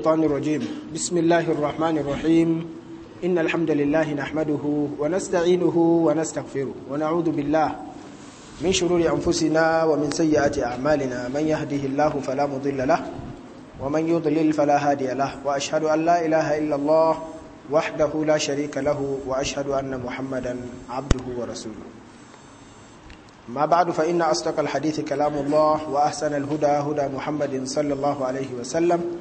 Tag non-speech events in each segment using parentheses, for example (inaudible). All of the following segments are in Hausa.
الشيطان الرجيم بسم الله الرحمن الرحيم إن الحمد لله نحمده ونستعينه ونستغفره ونعوذ بالله من شرور أنفسنا ومن سيئات أعمالنا من يهده الله فلا مضل له ومن يضلل فلا هادي له وأشهد أن لا إله إلا الله وحده لا شريك له وأشهد أن محمدا عبده ورسوله ما بعد فإن أصدق الحديث كلام الله وأحسن الهدى هدى محمد صلى الله عليه وسلم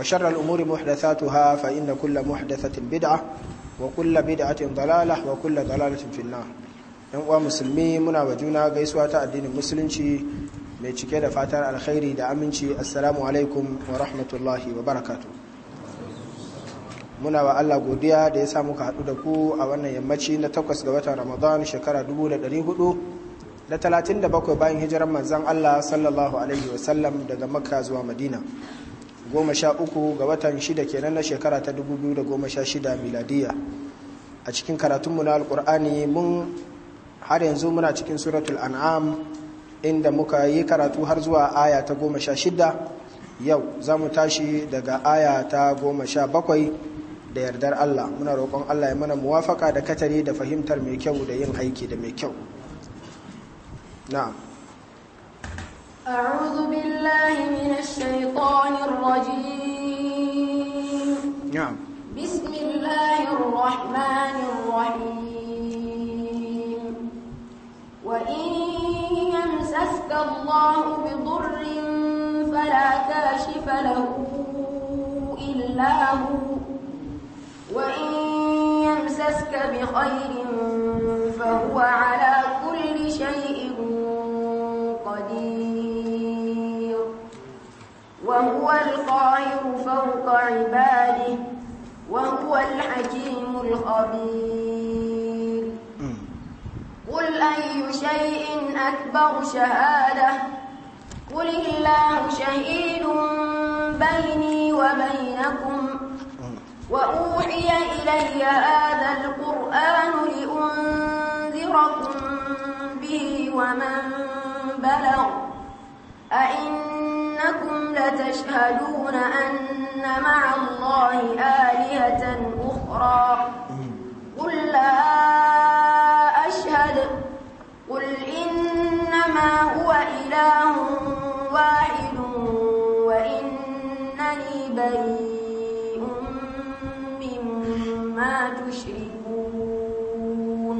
وشر الأمور محدثاتها فإن كل محدثة بدعة وكل بدعة ضلالة وكل ضلالة في النار yan uwa musulmi muna wa juna gaisuwa ta addinin musulunci mai cike da fatar alkhairi da aminci assalamu alaikum wa rahmatullahi wa barakatu muna wa Allah godiya da ya sa muka haɗu da ku a wannan yammaci na takwas ga watan ramadan shekara 1400 da 37 bayan hijirar manzan Allah sallallahu alaihi sallam daga makka zuwa madina goma sha uku ga watan shida kenan na shekara ta dubu biyu da goma sha shida miladiya a cikin karatunmu na alkur'ani mun har yanzu muna cikin suratul an'am inda muka yi karatu har zuwa aya ta goma sha shida yau za mu tashi daga aya ta goma sha bakwai da yardar allah muna roƙon allah ya mana muwafaka da katari da fahimtar mai kyau da yin aiki da mai kyau na'am أعوذ بالله من الشيطان الرجيم نعم بسم الله الرحمن الرحيم وإن يمسسك الله بضر فلا كاشف له إلا هو وإن يمسسك بخير فهو فوق عباده وهو الحكيم الخبير قل أي شيء أكبر شهادة قل الله شهيد بيني وبينكم وأوحي إلي هذا القرآن لأنذركم به ومن بلغ أئن إنكم لتشهدون أن مع الله آلهة أخرى قل لا أشهد قل إنما هو إله واحد وإنني بريء مما تشركون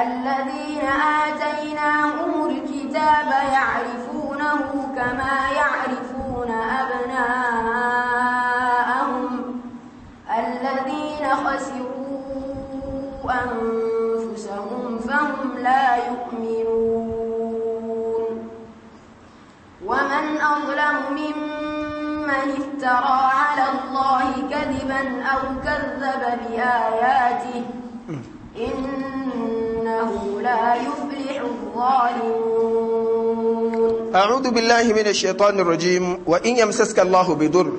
الذين آتيناهم الكتاب يعرفون يعرفونه كما يعرفون أبناءهم الذين خسروا أنفسهم فهم لا يؤمنون ومن أظلم ممن افترى على الله كذبا أو كذب بآياته إنه لا يفلح الظالمون a'udhu billahi minash shaitanir rajim wa in yamsaska Allahu bidur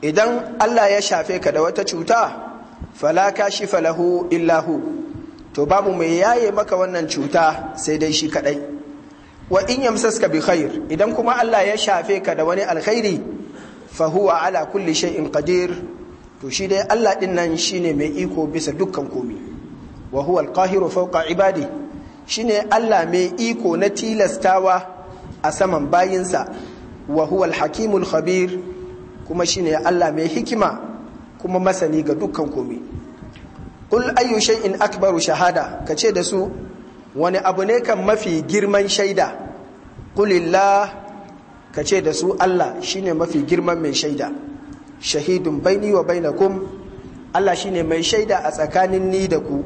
idan Allah ya shafe ka da wata cuta fala kashifa lahu illa hu to babu mai yaye maka wannan cuta sai dai shi kadai wa in yamsaska bi khair idan kuma Allah ya shafe ka da wani alkhairi fa huwa ala kulli shay'in qadir to shi dai Allah din nan shine mai iko bisa dukkan komi wa huwa alqahiru fawqa ibadi shine Allah mai iko na tilastawa a saman bayinsa wa huwal hakimul khabir kuma shine Allah mai hikima kuma masani ga dukkan komai qul ayyu shay'in akbaru shahada kace da su wani abu ne kan mafi girman shaida qulillah kace da su Allah shine mafi girman mai shaida shahidun baini wa bainakum Allah shine mai shaida a tsakanin ni da ku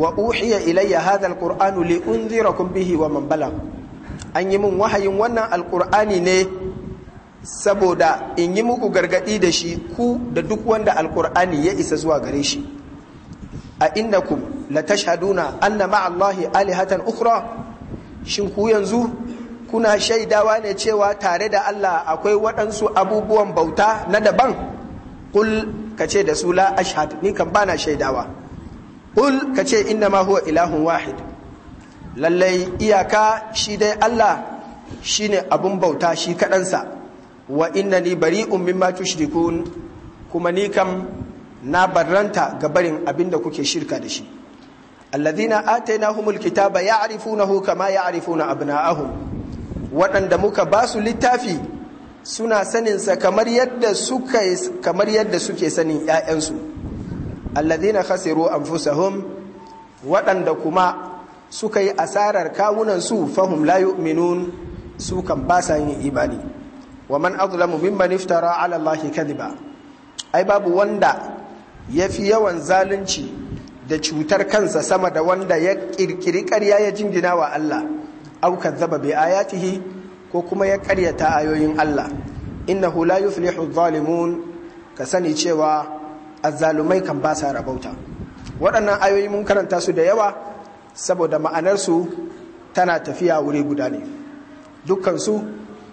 wa uhiya ilayya hadha alqur'anu li unzirakum bihi wa man balagha an yi min wahayin wannan alkur'ani ne saboda in yi muku gargadi da shi ku da duk wanda alkur'ani ya isa zuwa gare shi a ku la an na ma'allahi alihatan ukura shin ku yanzu kuna shaidawa ne cewa tare da Allah akwai waɗansu abubuwan bauta na daban kul ce da su la ashhad ni kan bana shaidawa kul ce inna ma huwa ilahun wahid lallai iyaka shi dai Allah shine abun bauta shi kaɗansa wa bari bari'un mimma shirikun kuma ni kam na barranta ga barin abin da kuke shirka da shi alladhina atainahumul kitaba ya'rifunahu kama ya'rifuna ahu. waɗanda muka ba su littafi suna saninsa kamar yadda suka kamar yadda suke sanin 'ya'yansu Alladina khasiru anfusahum waɗanda kuma suka yi asarar kawunan su fahum la su kan ba sa yin imani wa man azlamu mimman iftara ala allahi kadhiba ai babu wanda ya fi yawan zalunci da cutar kansa sama da wanda ya kirkiri ƙarya ya jingina wa Allah au kadzaba bi ayatihi ko kuma ya karyata ayoyin Allah innahu la yuflihu adh-dhalimun ka sani cewa azzalumai kan ba sa rabauta waɗannan ayoyi mun karanta su da yawa saboda ma'anarsu tana tafiya wuri guda ne dukkansu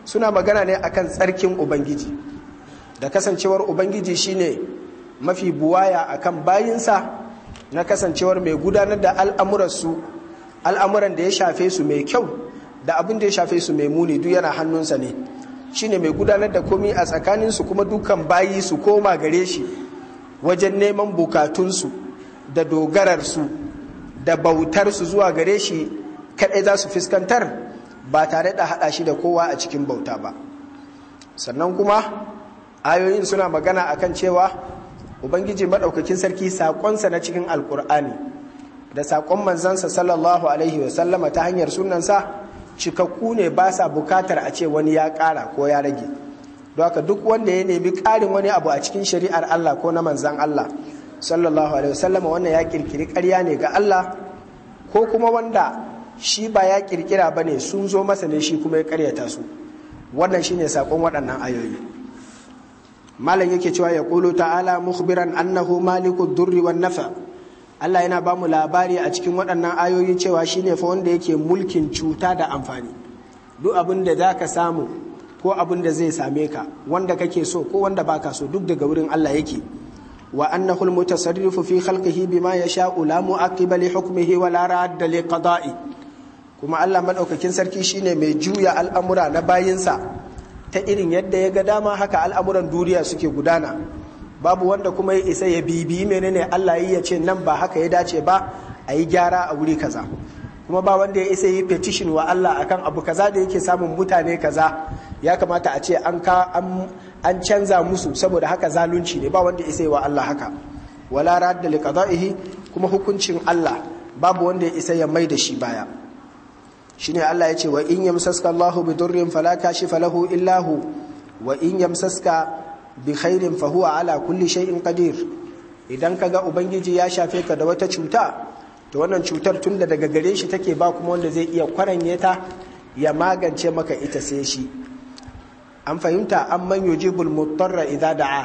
suna magana ne akan tsarkin ubangiji da kasancewar ubangiji shine mafi buwaya akan bayinsa na kasancewar mai gudanar da al'amuransu al'amuran da ya shafe su mai kyau da abin da ya shafe su mai muni duk yana hannunsa ne shine mai gudanar da komi a tsakaninsu kuma dukan bayi su koma gare shi wajen neman bukatunsu da dogararsu da bautar su zuwa gare shi kaɗai za su fuskantar ba tare da hada shi da kowa a cikin bauta ba sannan kuma ayoyin suna magana a kan cewa ubangiji maɗaukakin sarki saƙonsa na cikin alƙur'ani da saƙon manzansa sallallahu alaihi wasallama ta hanyar sunansa cikakku ne ba sa bukatar a ce wani ya ƙara ko ya rage don duk wanda ya nemi ƙarin wani abu a cikin shari'ar allah ko na manzan allah sallallahu alaihi wasallama wannan ya kirkiri ƙarya ne ga Allah ko kuma wanda shi ba ya kirkira ba ne sun zo masa ne shi kuma ya karyata su wannan shine sakon waɗannan ayoyi malam yake cewa ya ƙulu ta'ala mukhbiran annahu maliku durri wan nafa Allah yana ba mu labari a cikin waɗannan ayoyi cewa shine fa wanda yake mulkin cuta da amfani duk abin da za ka samu ko abin da zai same ka wanda kake so ko wanda baka so duk daga wurin Allah yake وأنه المتصرف في خلقه بما يشاء لا مؤقب لحكمه ولا راد لقضائه kuma Allah maɗaukakin sarki shine mai juya al'amura na bayinsa ta irin yadda ya ga dama haka al'amuran duniya suke gudana babu wanda kuma ya isa ya bibi menene Allah ya ce nan ba haka ya dace ba a yi gyara a wuri kaza kuma ba wanda ya isa yi petition wa Allah akan abu kaza da yake samun mutane kaza ya kamata a ce an ka an canza musu saboda haka zalunci ne ba wanda ya isa yi wa Allah haka wala radda li qada'ihi kuma hukuncin Allah babu wanda ya isa ya mai da shi baya shine Allah ya ce wa in yamsaska Allahu bi durrin fala kashifa lahu illa hu wa in yamsaska bi khairin fa huwa ala kulli shay'in qadir idan kaga ubangiji ya shafe ka da wata cuta Da wannan cutar tun da daga gare shi take ba kuma wanda zai iya kwaranye ta ya magance maka ita sai shi an fahimta an manyo jibul mutarra idza da'a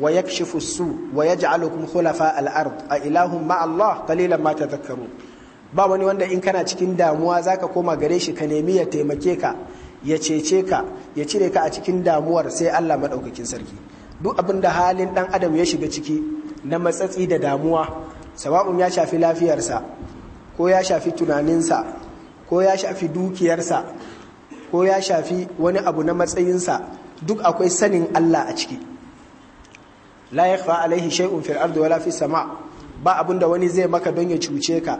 wa yakshifu su wa yaj'alukum khulafa al-ard a ilahum ma Allah qalilan ma tadhakkaru ba wani wanda in kana cikin damuwa zaka koma gare shi ka nemi ya taimake ka ya cece ka ya cire ka a cikin damuwar sai Allah madaukakin sarki duk abinda halin dan adam ya shiga ciki na matsatsi da damuwa sawa'un ya shafi lafiyarsa ko ya shafi tunaninsa ko ya shafi dukiyarsa ko ya shafi wani abu na matsayinsa duk akwai sanin Allah a ciki la yakhfa alaihi shay'un fil ardi wala fis sama ba abinda wani zai maka don ya cuce ka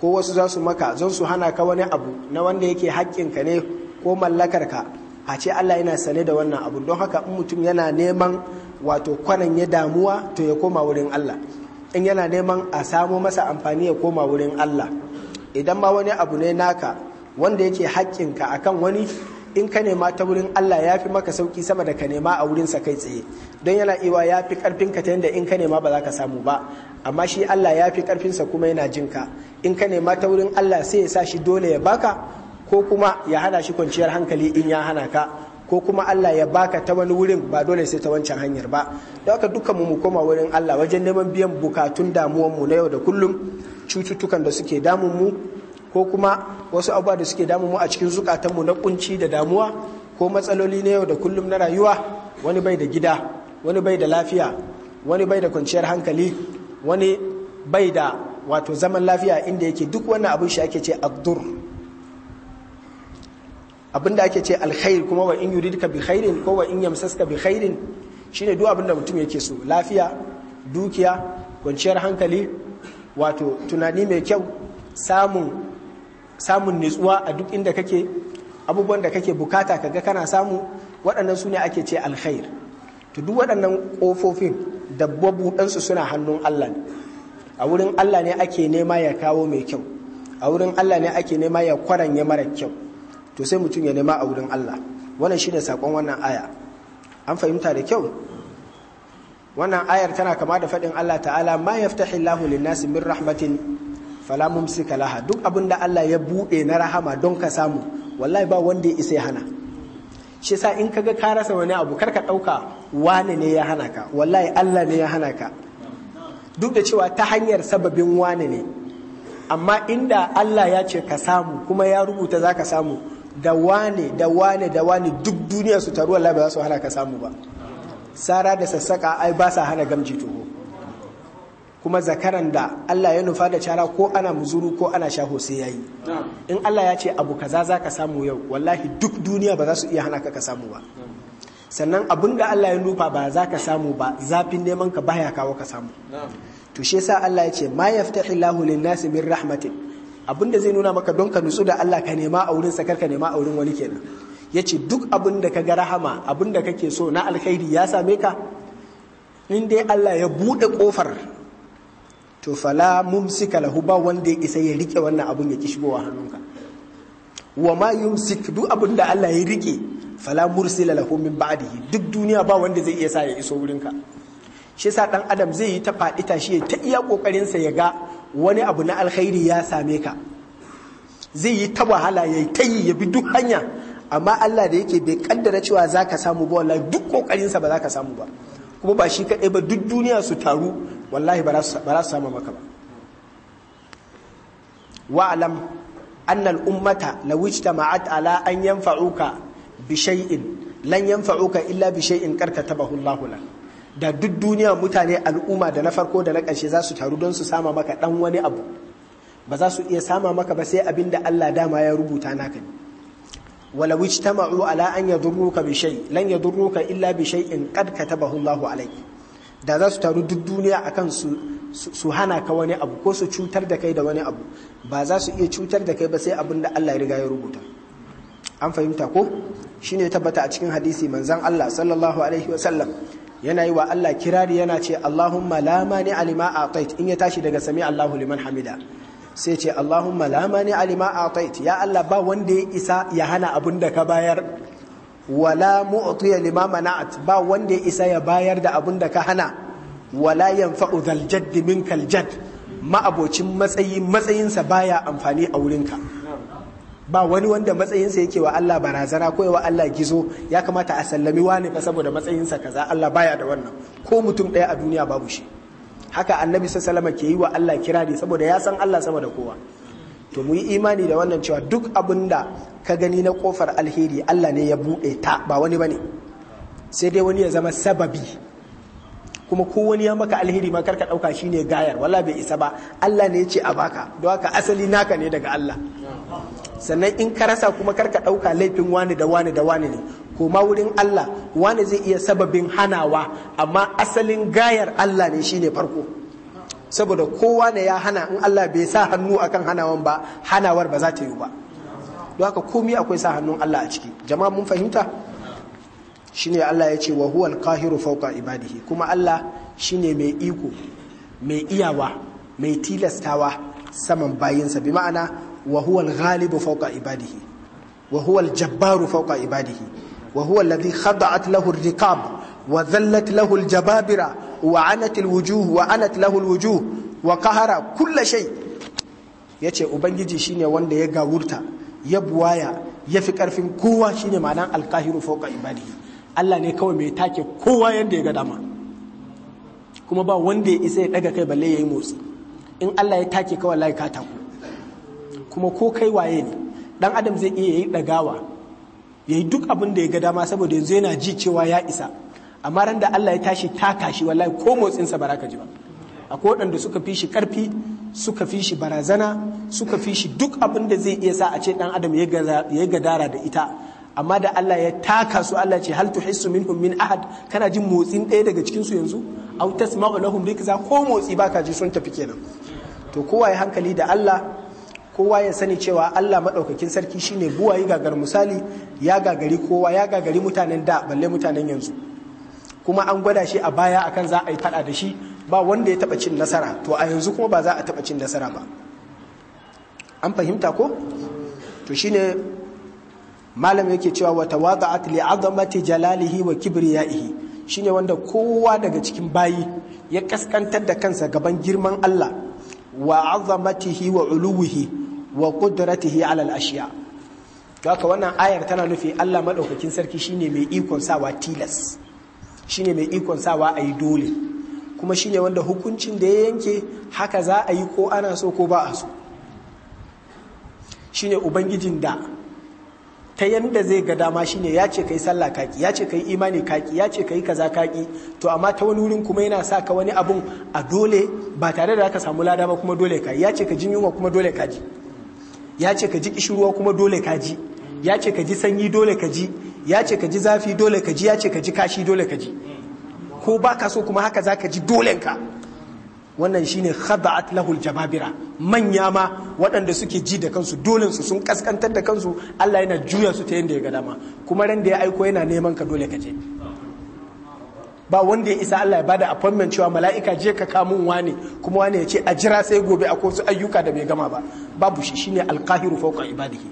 ko wasu za su maka zan su hana ka wani abu na wanda yake ka ne ko mallakarka a ce Allah yana sane da wannan abu don haka in mutum yana neman wato kwanan ya damuwa to ya koma wurin Allah in yana neman a samo masa amfani ya koma wurin Allah idan ma wani abu ne naka wanda yake a kan wani in ka nema ta wurin Allah ya fi maka sauki sama da ka nema a wurinsa kai tsaye don yana iwa ya fi ƙarfinka ta yadda in ka nema ba za ka samu ba amma shi Allah ya fi ƙarfinsa kuma yana jinka in ka nema ta wurin Allah sai ya sa shi dole ya baka ko kuma ya hana shi kwanciyar hankali in ya hana ka ko kuma Allah ya baka ta wani wurin ba dole sai ta wancan hanyar ba don haka dukkan mu koma wurin Allah wajen neman biyan bukatun damuwan mu na yau da kullum cututtukan da suke damun mu ko kuma wasu abubuwa da suke damun mu a cikin zukatan mu na kunci da damuwa ko matsaloli na yau da kullum na rayuwa wani bai da gida wani bai da lafiya wani bai da kwanciyar hankali wani bai da wato zaman lafiya inda yake duk wannan abin shi ake ce abdur abinda ake ce alkhair kuma wa in yuridka bi khairin ko wa in yamsaska bi khairin shine duk abinda mutum yake so lafiya dukiya kwanciyar hankali wato tunani mai kyau samun samun nutsuwa a duk inda kake abubuwan da kake bukata kaga kana samu waɗannan su ne ake ce alkhair to duk waɗannan ƙofofin dabbabu ɗansu suna hannun Allah ne a wurin Allah ne ake nema ya kawo mai kyau a wurin Allah ne ake nema ya kwaranye mara kyau to sai mutum ya nema a wurin Allah wannan shine sakon wannan aya an fahimta da kyau wannan ayar tana kama da faɗin Allah ta'ala ma yaftahillahu lin-nasi min rahmatin fala mumsika laha duk abin da Allah ya buɗe na rahama don ka samu wallahi ba wanda ya isa ya hana shi sa in kaga ka rasa wani abu karka ɗauka wane ne ya hana ka wallahi Allah ne ya hana ka duk da cewa ta hanyar sababin wane ne amma inda Allah ya ce ka samu kuma ya rubuta za ka samu da wane da wane da wane duk duniya su taru Allah ba za su hana ka samu ba sara da sassaka ai ba sa hana gamji toho kuma zakaran da Allah ya nufa da cara ko ana muzuru ko ana shaho sai yayi in Allah ya ce abu kaza za ka samu yau wallahi duk duniya ba za su iya hana ka ka samu ba sannan abun da Allah ya nufa ba za ka samu ba zafin neman ka baya kawo ka samu to shi yasa Allah ya ce ma yaftahi Allahu lin-nasi min rahmatin da zai nuna maka don ka nutsu da Allah ka nema a wurin sakar ka nema a wurin wani kenan Ya ce duk abin da ka ga rahama abin da kake so na alkhairi ya same ka in dai Allah ya bude kofar to fala mumsika lahu ba wanda ya isa ya rike wannan abun ya ki shigowa hannunka wa ma yumsik duk abin da Allah ya rike fala mursila lahu min ba'dihi duk duniya ba wanda zai iya sa ya iso wurinka shi yasa dan adam zai yi ta faɗi tashi ya ta iya kokarin sa ya ga wani abu na alkhairi ya same ka zai yi ta wahala ya yi ta yi ya bi duk hanya amma Allah da yake bai kaddara cewa za ka samu ba wallahi duk kokarinsa ba za ka samu ba kuma ba shi kaɗai ba duk duniya su taru wallahi ba za su samu maka ba wa'alam ummata al'ummata law ijtama'at ala an yanfa'uka bi shay'in lan yanfa'uka illa bi shay'in karkatabahu Allahu lak da duk duniya mutane al'umma da na farko da na ƙarshe za su taru don su sama maka ɗan wani abu ba za su iya sama maka ba sai abin da Allah dama ya rubuta naka ne wala mau ala an yadurruka bi bishai lan yadurruka illa bishai in shay'in qad bahu lahu alaiki da za su taru duk duniya akan su su hana ka wani abu ko su cutar da kai da wani abu ba za su iya cutar da kai ba sai abin da Allah ya riga ya rubuta an fahimta ko shine tabbata a cikin hadisi manzon Allah sallallahu alaihi wa yana yi wa Allah kirari yana ce Allahumma la mani alima atait in ya tashi daga sami Allahu liman hamida sai ce Allahumma la mani alima atait ya Allah ba wanda ya isa ya hana abin da ka bayar wala mu'tiya lima mana'at ba wanda ya isa ya bayar da abin da ka hana wala yanfa'u dhal jadd minkal jadd ma'abocin matsayi matsayinsa baya amfani a wurinka ba wani wanda matsayinsa yake wa Allah barazana ko wa Allah gizo ya kamata a sallami wani fa saboda matsayinsa kaza Allah baya da wannan ko mutum ɗaya a duniya babu shi haka annabi sallallahu ke yi wa Allah kirari saboda ya san Allah sama da kowa to mu yi imani da wannan cewa duk abin da ka gani na kofar alheri Allah ne ya buɗe ta ba wani bane sai dai wani ya zama sababi kuma ko wani ya maka alheri ma karka dauka shine gayar wala bai isa ba Allah ne ya ce a baka don haka asali naka ne daga Allah sannan in ka rasa kuma karka ɗauka laifin wani da wani da wani ne koma wurin Allah wani zai iya sababin hanawa amma asalin gayar Allah ne shine farko saboda kowa ne ya hana in Allah bai sa hannu akan hanawan ba hanawar ba za ta yi ba don haka komi akwai sa hannun Allah a ciki jama'a mun fahimta shine Allah ya ce wa huwal qahiru fawqa ibadihi kuma Allah shine mai iko mai iyawa mai tilastawa saman bayinsa bi ma'ana Wahuwal huwa fauka ghalibu fawqa ibadihi wahuwal jabbaru fauka ibadihi wa huwa alladhi khada'at lahu rikab wa dhallat lahu al-jababira wa anat al-wujuh wa anat lahu wuju, wa kahara kulla shai. Ya yace ubangiji shine wanda ya gawurta ya buwaya ya fi karfin kowa shine ma'anan alkahiru fauka fawqa ibadihi Allah ne kawai mai take kowa yanda ya ga dama kuma ba wanda ya isa ya daga kai balle yayi motsi in Allah ya take kawai lai taku kuma ko kai waye ne dan adam zai iya yi dagawa ya yi duk abin da ya ga dama saboda yanzu yana ji cewa ya isa amma ran da Allah ya tashi taka shi wallahi ko motsinsa ba ka ji ba akwai waɗanda suka fi shi ƙarfi suka fi shi barazana suka fi shi duk abin da zai iya sa a ce ɗan adam ya gadara da ita amma da Allah ya taka su Allah ce hal tuhissu minhum min ahad kana jin motsin ɗaya daga cikin su yanzu aw tasma'u lahum rikza ko motsi baka ji sun tafi kenan to kowa ya hankali da Allah kowa ya sani cewa Allah maɗaukakin sarki shine buwayi gagar misali ya gagari kowa ya gagari mutanen da balle mutanen yanzu kuma an gwada shi a baya akan za a yi faɗa da shi ba wanda ya taɓa cin nasara to a yanzu kuma ba za a taɓa cin nasara ba an fahimta ko to shine malam yake cewa wa tawada'at li azamati jalalihi wa kibriyaihi shine wanda kowa daga cikin bayi ya kaskantar da kansa gaban girman Allah wa azamatihi wa uluwihi wa qudratihi alal ashiya to haka wannan ayar tana nufi Allah madaukakin sarki shine mai ikon sawa tilas shine mai ikon sawa ayi dole kuma shine wanda hukuncin da ya yanke haka za a yi ko ana so ko ba a so shine ubangijin da ta yanda zai ga dama shine ya ce kai sallah kaki ya ce kai imani kaki ya ce kai kaza kaki to amma ta wani wurin kuma yana sa ka wani abun a dole ba tare da aka samu lada ba kuma dole ka ya ce ka jin yunwa kuma dole ka ji ya ce ka ji kishirwa kuma dole ka ji ya ce ka ji sanyi dole ka ji ya ce ka ji zafi dole ka ji ya ce ka ji kashi dole ka ji ko ba ka so kuma haka za ka ji dolenka wannan shine khada'at lahul jababira manya ma waɗanda suke ji da kansu dolen su sun kaskantar da kansu Allah yana juya su ta yadda ya ga dama kuma ran da ya aiko yana neman ka dole ka je ba wanda ya isa Allah ya bada appointment cewa mala'ika je ka kamun wane kuma wane ya ce a jira sai gobe a kosu ayyuka da bai gama ba babu shi shine alqahiru fawqa ibadihi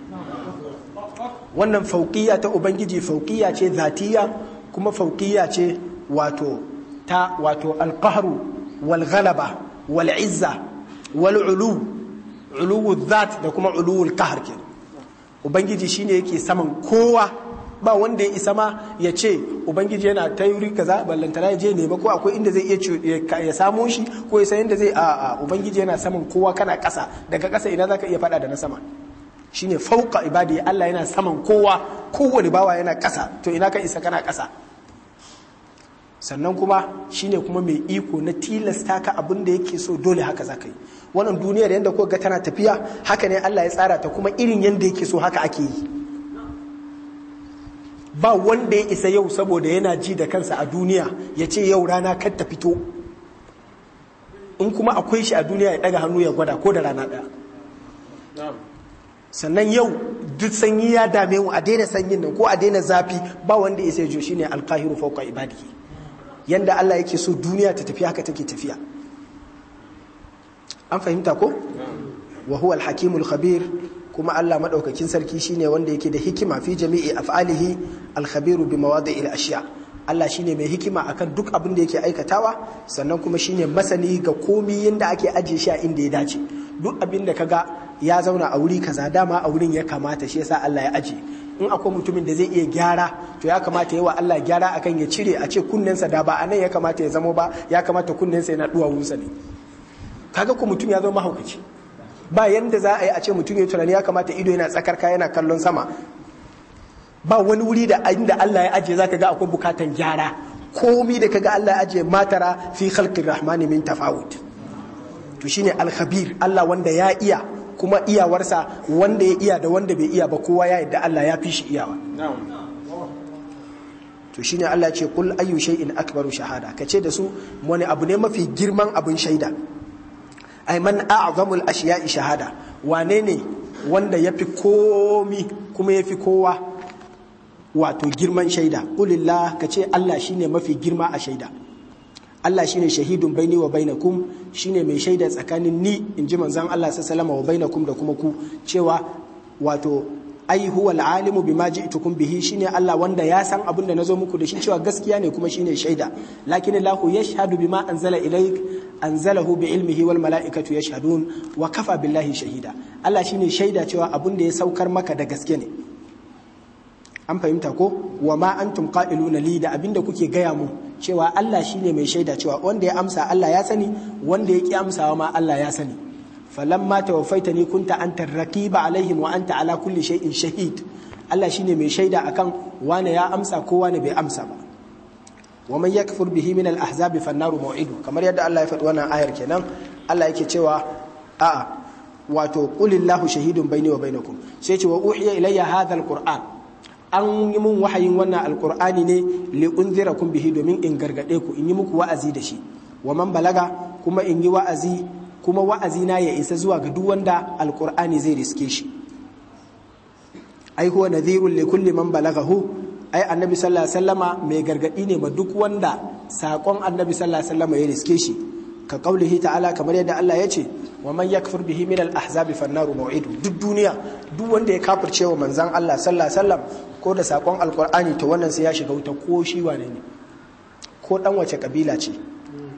wannan fauqiyya ta ubangiji fauqiyya ce zatiya kuma fauqiyya ce wato ta wato alqahru wal ghalaba wal izza wal ulu ulu da kuma ulu al ubangiji shine yake saman kowa ba wanda ya isa ma ya ce ubangiji yana ta yuri kaza ballantana ya je nema ko akwai inda zai iya ya samu shi ko ya san inda zai a a ubangiji yana saman kowa kana kasa daga kasa ina zaka iya fada da na sama shine fauka ibadi Allah yana saman kowa kowane bawa yana kasa to ina ka isa kana kasa sannan kuma shine kuma mai iko na tilasta ka abin da yake so dole haka zaka yi wannan duniyar yadda kuka ga tana tafiya haka ne Allah ya tsara ta kuma irin yadda yake so haka ake yi ba wanda ya isa yau saboda yana ji da kansa a duniya ya ce yau rana kan ta fito in kuma akwai shi a duniya ya daga hannu ya gwada ko da rana daya sannan yau duk sanyi ya dame mu a daina sanyin nan ko a daina zafi ba wanda ya sai shi ne alkahiru fauka ibadiki yanda Allah yake so duniya ta tafi haka take tafiya an fahimta ko wa huwa alhakimul khabir kuma Allah madaukakin sarki shine wanda yake da hikima fi jami'i af'alihi al-khabiru bi mawadi'il ashiya Allah shine mai hikima akan duk abin da yake aikatawa sannan kuma shine masani ga komi yanda ake ajiye shi a inda ya dace duk abin da kaga ya zauna a wuri kaza dama a wurin ya kamata shi yasa Allah ya ajiye in akwai mutumin da zai iya gyara to ya kamata yawa Allah gyara akan ya cire a ce kunnensa da ba anan ya kamata ya zamo ba ya kamata kunnensa yana duwawunsa ne kaga ko mutum ya zama mahaukaci ba yadda za a yi a ce mutum ya tunani ya kamata ido yana tsakar ka yana kallon sama ba wani wuri da inda Allah ya ajiye zaka ga akwai bukatan gyara komi da kaga Allah ya ajiye matara fi khalqir rahmani min tafawut to shine al-khabir Allah wanda ya iya kuma iyawarsa wanda ya iya da wanda bai iya ba kowa ya yadda Allah ya fi shi iyawa to shine Allah ce kul ayyu shay'in akbaru shahada kace da su wani abu ne mafi girman abun shaida ai man a'zamul ashiya'i shahada wane ne wanda yafi komi kuma yafi kowa wato girman shaida ka kace Allah shine mafi girma a shaida Allah shine shahidun baini wa bainakum shine mai shaida tsakanin ni inji manzon Allah sallallahu alaihi wasallam wa bainakum da kuma ku cewa wato ai huwal alimu bima ji'tukum bihi shine Allah wanda ya san abin da nazo muku da shi cewa gaskiya ne kuma shine shaida lakin Allahu yashhadu bima anzala ilayk anzalahu bi ilmihi wal malaikatu yashhadun wa kafa billahi shahida Allah shine shaida cewa abin da ya saukar maka da gaske ne an fahimta ko wa ma antum qailuna li da abinda kuke gaya mu cewa Allah shine mai shaida cewa wanda ya amsa Allah ya sani wanda ya ki amsawa ma Allah ya sani Falan falamma ni kunta anta raqiba alaihim wa anta ala kulli shay'in shahid Allah shine mai shaida akan wane ya amsa ko wane bai amsa ba wa man yakfur bihi min al ahzabi fan naru kamar yadda Allah ya faɗi wannan ayar kenan Allah yake cewa a'a wato qulillahu shahidun baini wa bainakum sai ce wa uhiya ilayya hadha al qur'an an yi mun wahayin wannan alkur'ani ne li unzirakum bihi domin in gargade ku in yi muku wa'azi da shi wa man balaga kuma in yi wa'azi kuma wa'azina ya isa zuwa ga duk wanda alkur'ani zai riske shi ai huwa nadhirul li kulli man balaghahu ai annabi sallallahu alaihi wasallama mai gargadi ne ma duk wanda sakon annabi sallallahu alaihi wasallama ya riske shi ka kaulihi ta'ala kamar yadda Allah ya ce wa man yakfur bihi min al-ahzabi fannaru maw'idu duk duniya duk wanda ya kafirce wa manzon Allah sallallahu alaihi wasallam ko da sakon alkur'ani to wannan sai ya shiga wuta ko shi wane ne ko dan wace kabila ce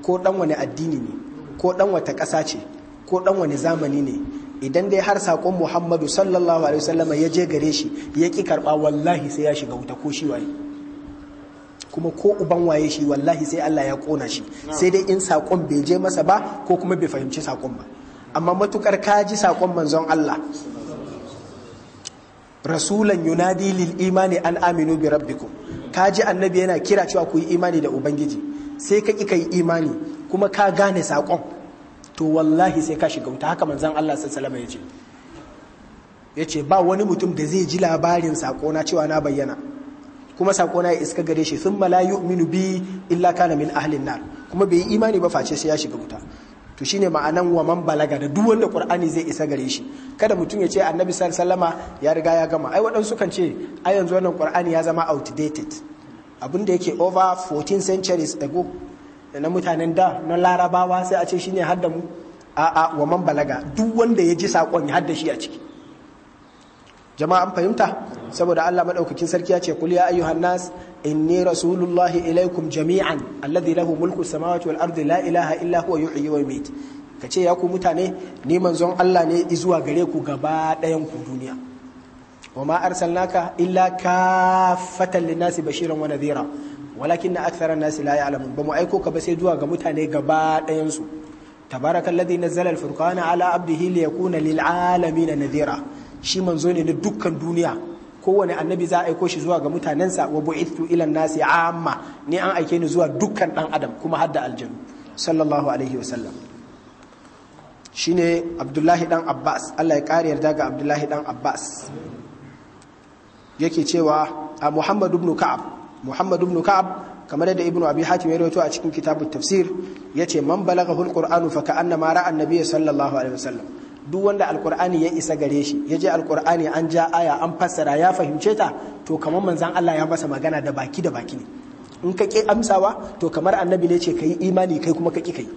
ko dan wani addini ne ko dan wata ƙasa ce ko dan wani zamani ne idan dai har sakon Muhammadu sallallahu alaihi wasallam ya je gare shi ya ki karɓa wallahi sai ya shiga wuta ko shi waye kuma ko uban waye shi wallahi sai Allah ya kona shi sai dai in sakon bai je masa ba ko kuma bai fahimci sakon ba amma matukar ka ji sakon manzon Allah rasulan yunadi lil imani an aminu bi rabbikum ka ji annabi yana kira cewa ku yi imani da ubangiji sai ka ki yi imani kuma ka gane sakon to wallahi sai ka shiga wuta haka manzan Allah sallallahu alaihi ya ce ba wani mutum da zai ji labarin sakona cewa na bayyana kuma sakona ya iska gare shi sun malayu yu'minu bi illa kana min ahlin nar kuma bai yi imani ba face sai ya shiga wuta to shine ma'anan wa man balaga da duk wanda qur'ani zai isa gare shi kada mutum ya ce annabi sallallahu ya riga ya gama ai waɗansu kan ce ai yanzu wannan qur'ani ya zama outdated abin da yake over 14 centuries ago na mutanen da na larabawa sai a ce shine hadda mu a'a wa man balaga duk wanda ya ji sakon ya hadda shi a ciki jama'a an fahimta saboda Allah madaukakin sarki ya ce kul ya ayyuhan nas inni rasulullahi ilaikum jami'an alladhi lahu mulku samawati wal ardi la ilaha illa huwa yuhyi wa yumiit kace ya ku mutane ni manzon Allah ne izuwa gare ku gaba ɗayan ku duniya wa ma arsalnaka illa kafatan linasi bashiran wa nadhira walakin na aksarar nasi la ya'lamun ba mu aiko ka ba sai zuwa ga mutane gaba ɗayan su tabarakal ladhi nazzala al-furqana ala abdihi liyakuna lil alamin nadhira shi manzo ne na dukkan duniya kowane annabi za a aiko shi zuwa ga sa wa bu'ithtu ila nasi amma ni an aike ni zuwa dukkan ɗan adam kuma hadda aljanu sallallahu alaihi wasallam shine abdullahi dan abbas Allah ya kare yarda ga abdullahi dan abbas yake cewa a muhammad ibn ka'ab muhammad ibn ka'ab kamar yadda Ibn abi hatim ya rawaito a cikin kitabut tafsir yace man balaghahu alqur'anu fa ka'anna ma ra'a annabi sallallahu alaihi wasallam duk wanda alqur'ani ya isa gare shi ya je alqur'ani an ja aya an fassara ya fahimce ta to kamar manzon Allah ya masa magana da baki da baki ne in ka ki amsawa to kamar annabi ne ce kai imani kai kuma ka ki kai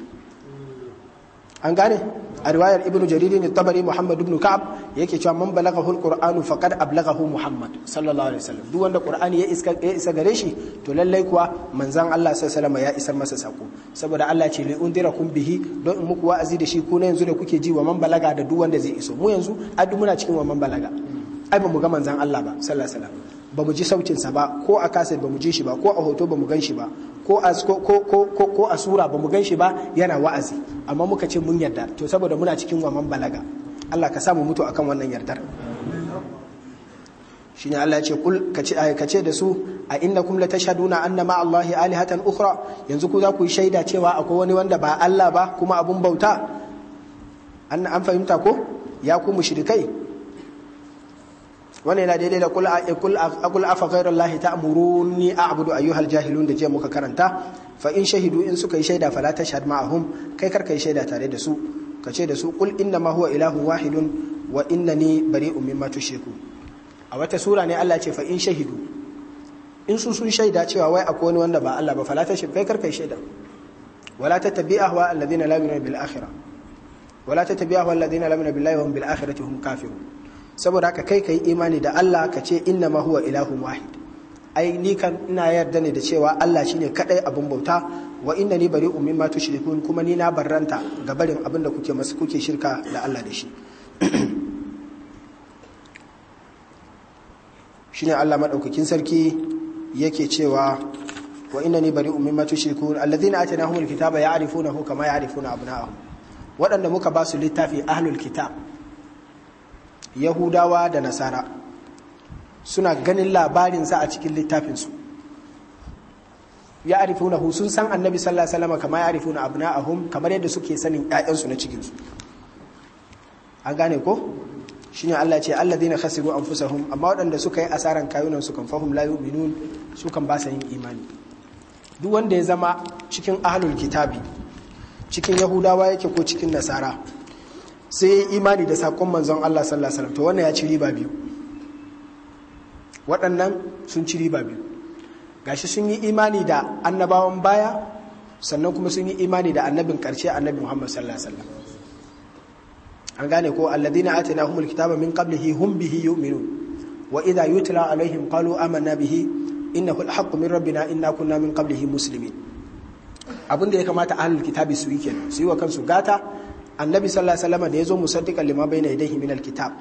an gane a riwayar ibnu jaririn tabari muhammad ibn ka'ab yake cewa man balaghahu alqur'anu faqad ablaghahu muhammad sallallahu alaihi wasallam duk wanda qur'ani ya iska ya isa gare shi to lallai kuwa manzon Allah sallallahu alaihi ya isar masa sako saboda Allah ce li undirakum bihi don in muku wa'azi da shi ko na yanzu da kuke ji wa man balaga da duk wanda zai iso mu yanzu duk muna cikin wa man balaga ai ba mu ga manzan Allah ba sallallahu alaihi wasallam ba mu ji sautin sa ba ko a kaset ba mu ji shi ba ko a hoto ba mu gan shi ba ko a ko ko ko a sura ba mu gan shi ba yana wa'azi amma muka ce mun yarda to saboda muna cikin waman balaga Allah ka sa mu mutu akan wannan yardar shine Allah ya ce kul ka ce da su a innakum latashhaduna anna ma Allahi alihatan ukhra yanzu ku za ku yi shaida cewa akwai wani wanda ba Allah ba kuma abun bauta an an fahimta ko ya ku mushrikai wannan yana daidai da kul afa ghairu Allah ta'muruni a'budu ayyuhal jahilun da jiya muka karanta fa in shahidu in suka yi shaida fala tashhad ma'ahum kai kar yi shaida tare da su ka ce da su kul inna ma huwa ilahu wahidun wa innani bari'un mimma tushriku a wata sura ne Allah ce fa in shahidu in su sun shaida cewa wai akwai wani wanda ba Allah ba fala tashhad kai kar yi shaida wala tattabi ahwa alladhina la yu'minuna bil akhirah wala tattabi ahwa alladhina la yu'minuna billahi wa hum bil akhirati hum kafirun saboda haka kai kai imani da Allah ka ce inna ma huwa ilahu wahid ai ni kan ina yarda ne da cewa Allah shine kadai abun bauta wa inna ni bari ummin ma tushrikun kuma ni na barranta ga barin abin da kuke masu kuke shirka da Allah da shi (clears throat) shine Allah madaukakin sarki yake cewa wa inna ni bari ummin ma tushrikun alladhina atainahumul kitaba ya'rifunahu kama ya'rifuna abna'ahum waɗanda muka ba su littafi ahlul kitab yahudawa da nasara suna ganin labarinsa a cikin littafinsu ya arifunahu sun san annabi sallallahu alaihi wasallam kamar ya arifuna abna'ahum kamar yadda suke sanin ƴaƴansu na cikin su an gane ko shine Allah ce alladheena khasiru anfusahum amma waɗanda suka yi asaran kayunan su kan fahum la yu'minun su kan ba sa yin imani duk wanda ya zama cikin ahlul kitabi cikin yahudawa yake ko cikin nasara sai ya yi imani da saƙon manzon Allah sallallahu alaihi wasallam to wannan ya ci riba biyu waɗannan sun ci riba biyu gashi sun yi imani da annabawan baya sannan kuma sun yi imani da annabin ƙarshe annabi Muhammad sallallahu alaihi wasallam an gane ko alladina atainahumul kitaba min qablihi hum bihi yu'minun wa idha yutla alaihim qalu amanna bihi innahu alhaqqu min rabbina inna kunna min qablihi muslimin abin da ya kamata ahlul kitabi su yi kenan su yi wa kansu gata annabi sallallahu alaihi wasallam da yazo musaddiqan lima bayna yadayhi min alkitab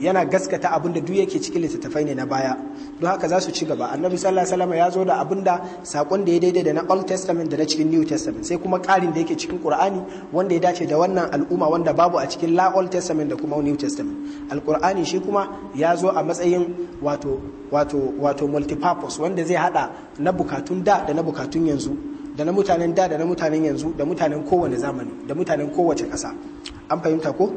yana gaskata abun da duk yake cikin littafai ne na baya don haka za su ci gaba annabi sallallahu alaihi wasallam ya zo da abun da sakon da ya daidai da na old testament da na cikin new testament sai kuma ƙarin da yake cikin qur'ani wanda ya dace da wannan al'umma wanda babu a cikin la old testament da kuma new testament alqur'ani shi kuma ya zo a matsayin wato wato wato multipurpose wanda zai hada na bukatun da da na bukatun yanzu da na mutanen da da na mutanen yanzu da mutanen kowane zamani da mutanen kowace ƙasa an fahimta ko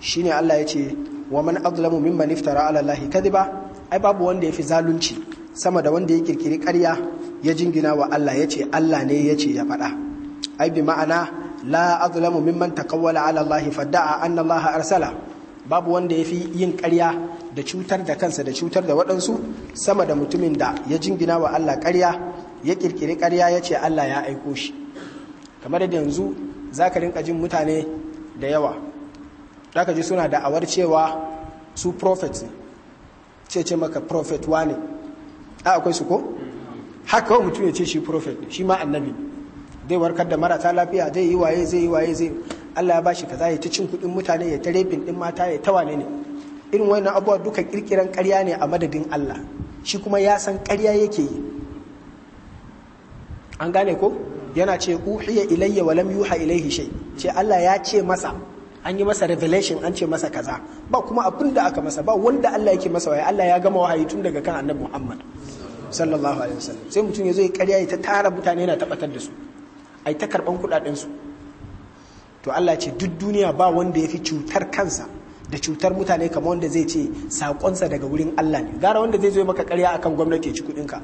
Shi ne Allah ya ce wa man azlamu mimman iftara ala Allah kadiba ai babu wanda ya fi zalunci sama da wanda ya kirkiri karya ya jingina wa Allah ya ce Allah ne ya ce ya faɗa ai bi ma'ana la azlamu mimman taqawwala ala Allah fadda'a anna allaha arsala babu wanda ya fi yin karya da cutar da kansa da cutar da waɗansu sama da mutumin da ya jingina wa Allah ƙarya ya kirkiri karya ya ce Allah ya aiko shi kamar da yanzu za ka rinka jin mutane da yawa za ka ji suna da'awar cewa su prophet ce ce maka prophet wane a akwai su ko haka wa mutum ya ce shi prophet shi ma annabi zai warkar da marata lafiya zai yi waye zai yi waye zai Allah ya bashi kaza ya ta cin kuɗin mutane ya ta ɗin mata ya ta wane ne irin wannan abubuwa duka kirkiran karya ne a madadin Allah shi kuma ya san karya yake yi an gane ko yana ce uhiya ilayya walam yuha ilayhi shay ce Allah ya ce masa an yi masa revelation an ce masa kaza ba kuma abin da aka masa ba wanda Allah yake masa waya Allah ya gama wahayi tun daga kan annabi Muhammad sallallahu alaihi wasallam sai mutum ya zo ya karya ya ta tara mutane yana tabbatar da su ai ta karban kudaden su to Allah ce duk duniya ba wanda yafi cutar kansa da cutar mutane kamar wanda zai ce sakonsa daga wurin Allah ne gara wanda zai zo maka karya akan gwamnati ya ci kudin ka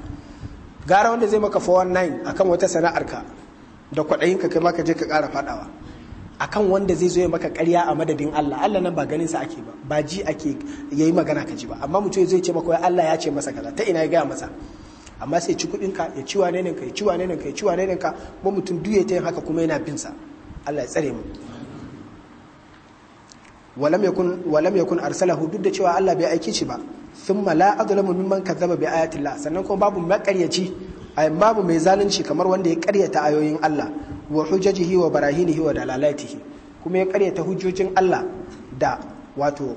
gara wanda zai maka 419 akan wata sana'arka da kwaɗayinka kai maka je ka ƙara faɗawa akan wanda zai zo ya maka ƙarya a madadin Allah Allah nan ba ganin sa ake ba ba ji ake yayi magana ka ji ba amma mutum zai ce maka Allah ya ce masa kaza ta ina ya gaya masa amma sai ci kuɗin ka ya ci wane ne ka ya ci wane ne ka ya ci wane ne ka mu mutum duye ta yin haka kuma yana bin sa Allah ya tsare mu walam yakun walam yakun arsalahu duk da cewa Allah bai aiki shi ba thumma la azlamu mimman kazzaba bi ayatillah sannan kuma babu makaryaci ay babu mai zalunci kamar wanda ya karyata ayoyin Allah wa hujajihi wa barahinihi wa dalalatihi kuma ya karyata hujjojin Allah da wato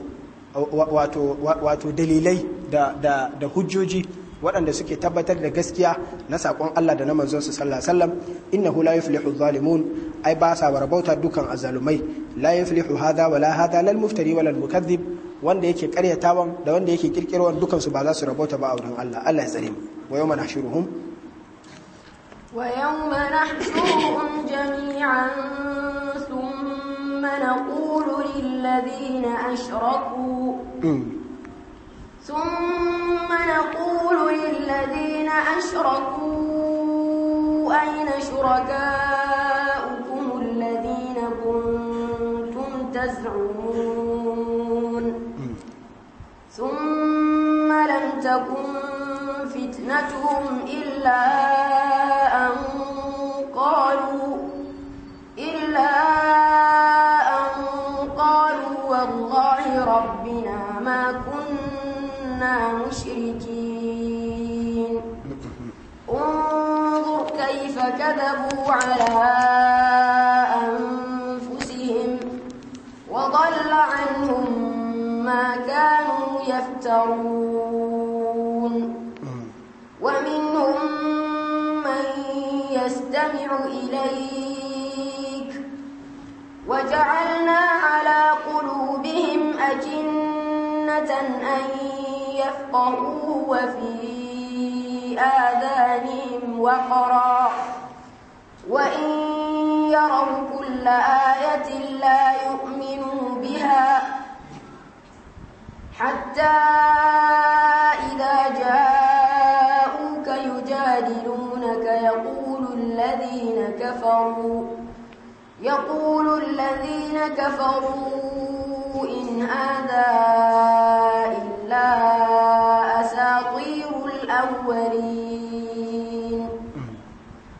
wato wato dalilai da da da hujjoji waɗanda suke tabbatar da gaskiya na saƙon Allah da na manzon su sallallahu alaihi wasallam innahu la yuflihu zalimun ai ba sa barbauta dukan azzalumai la yuflihu hadha wala hadha lal muftari wala mukaththib wanda yake karyatawan da wanda yake kirkirwan dukansu ba za su rabauta ba a wurin Allah Allah ya tsare mu wa yawma nahshuruhum wa yawma nahshuruhum jami'an sun mana thumma naqulu lil ladina ashraku ثم نقول للذين أشركوا أين شركاؤهم تكن فتنتهم إلا أن قالوا إلا أن قالوا والله ربنا ما كنا مشركين انظر كيف كذبوا على أنفسهم وضل عنهم ما كانوا يفترون إِلَيْكَ وَجَعَلْنَا عَلَى قُلُوبِهِمْ أجنة أَن يَفْقَهُوهُ وَفِي آذَانِهِمْ وَقْرًا وَإِن يَرَوْا كُلَّ آيَةٍ لَّا يُؤْمِنُوا بِهَا حَتَّى إِذَا جَاءُوكَ يُجَادِلُونَكَ يَقُولُ الذين كفروا يقول الذين كفروا إن هذا إلا أساطير الأولين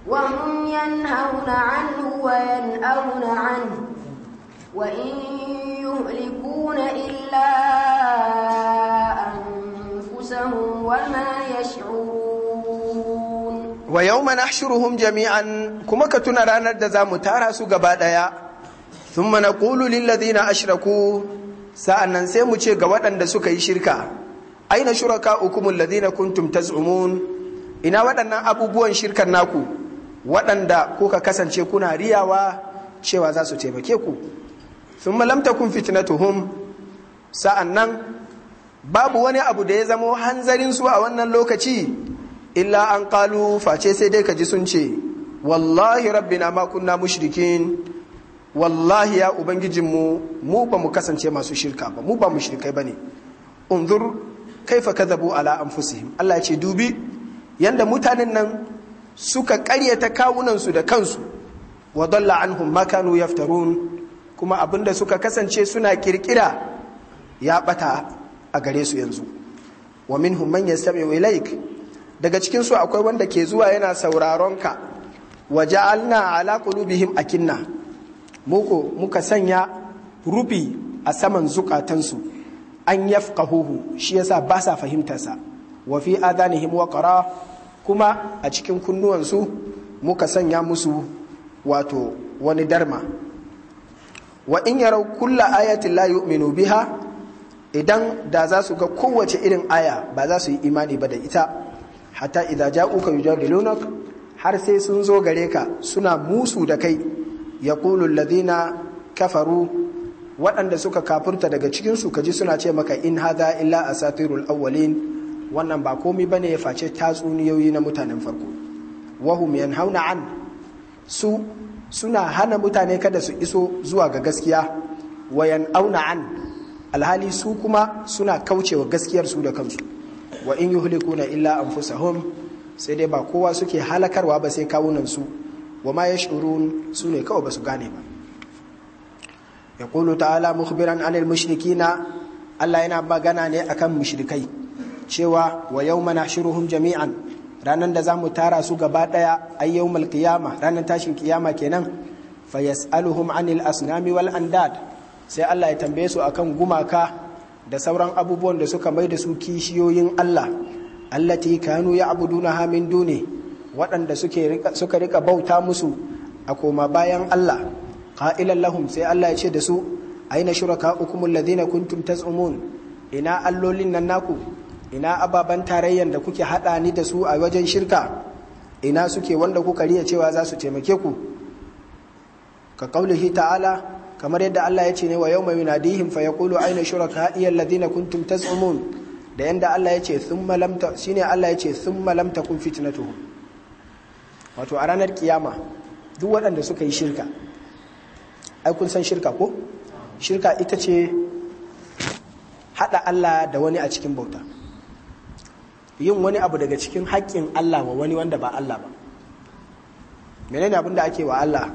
وهم ينهون عنه وينأون عنه وإن يهلكون إلا أنفسهم وما يشعرون wa mana nahshuruhum jami'an kuma ka tuna ranar da zamu tara su gaba ɗaya thumma naqulu lil ladina ashraku nan sai mu ce ga waɗanda suka yi shirka aina shurakaukum alladhina kuntum taz'umun ina waɗannan abubuwan shirkan naku waɗanda kuka kasance kuna riyawa cewa za su taimake ku thumma lam takun fitnatuhum sa'annan babu wani abu da ya zamo hanzarin su a wannan lokaci illa an kalu face sai dai ka ji sun ce wallahi rabbina ma kunna mushrikin wallahi ya ubangijinmu mu ba mu kasance masu shirka ba mu ba mu ba ne. unzur kaifa kadhabu ala anfusihim Allah ya ce dubi yanda mutanen nan suka karyata kawunansu da kansu wa dalla anhum ma kanu yaftarun kuma abinda suka kasance suna kirkira ya bata a gare su yanzu wa minhum man yastami'u ilaik daga cikin su akwai wanda ke zuwa yana sauraron ka wa ja'alna ala qulubihim akinna muku muka sanya rufi a saman zukatansu an yafqahuhu shi yasa ba sa fahimtarsa wa fi adanihim waqara kuma a cikin kunnuwansu muka sanya musu wato wani darma wa in yaraw kulla ayatin la yu'minu biha idan da za su ga kowace irin aya ba za su yi imani ba da ita hatta idza ja'uka yujadilunak har sai sun zo gare ka suna musu da kai yaqulu alladhina kafaru waɗanda suka kafurta daga cikin su kaji suna ce maka in hadha illa a asatirul awwalin wannan ba komai bane ya face tatsuniyoyi na mutanen farko wahum yanhauna an su suna hana mutane kada su iso zuwa ga gaskiya wayan auna an alhali su kuma suna kaucewa gaskiyar su da kansu wa in yuhlikuna illa an anfusahum sai dai ba kowa suke halakarwa ba sai kawunan su wa ma yash'urun su ne kawai ba su gane ba ya yaqulu ta'ala mukhbiran 'anil mushrikina Allah yana magana ne akan mushrikai cewa wa mana shiruhun jami'an ranar da zamu tara su gaba daya ay yawmal ranar tashin kiyama kenan fayas'aluhum 'anil asnami wal andad sai Allah ya tambaye su akan gumaka da sauran abubuwan da suka mai da su kishiyoyin Allah allati kanu na hamin duni waɗanda suka rika bauta musu a koma bayan Allah ƙa'ilan lahum sai Allah ya ce da su aina hukumun ladina kuntum taz'umun ina allolin nan naku ina ababen tarayyan da kuke hada ni da su a wajen shirka ina suke wanda kuka riya cewa za su taimake ku ka kaulihi ta'ala kamar yadda Allah ya ce ne wa mai yunadihim fa kulu aina shuraka'i ladina kuntum tsumun da yadda Allah ya ce sun malamta shi ne Allah ya ce sun malamta kun fitnatuhum wato a ranar kiyama duk waɗanda suka yi shirka ai kun san shirka ko shirka ita ce haɗa Allah da wani a cikin bauta yin wani abu daga cikin haƙƙin Allah wa wani wanda ba Allah ba menene abin da ake wa Allah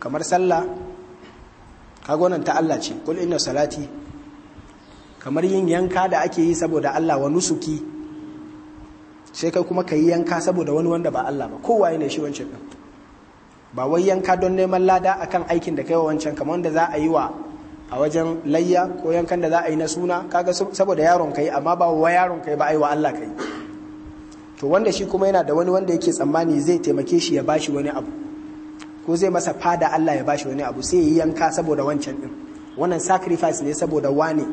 kamar sallah kagonan ta Allah ce kul inna salati kamar yin yanka da ake yi saboda Allah wa nusuki sai kai kuma ka yi yanka saboda wani wanda ba Allah ba kowa yana shi wancan din ba wai yanka don neman lada akan aikin da kai wa wancan kamar wanda za a yi wa a wajen layya ko yankan da za a yi na suna kaga saboda yaron kai amma ba wa yaron kai ba ai wa Allah kai to wanda shi kuma yana da wani wanda yake tsammani zai taimake shi ya bashi wani abu ko zai masa fada Allah ya bashi wani abu sai ya yanka saboda wancan din wannan sacrifice ne saboda wane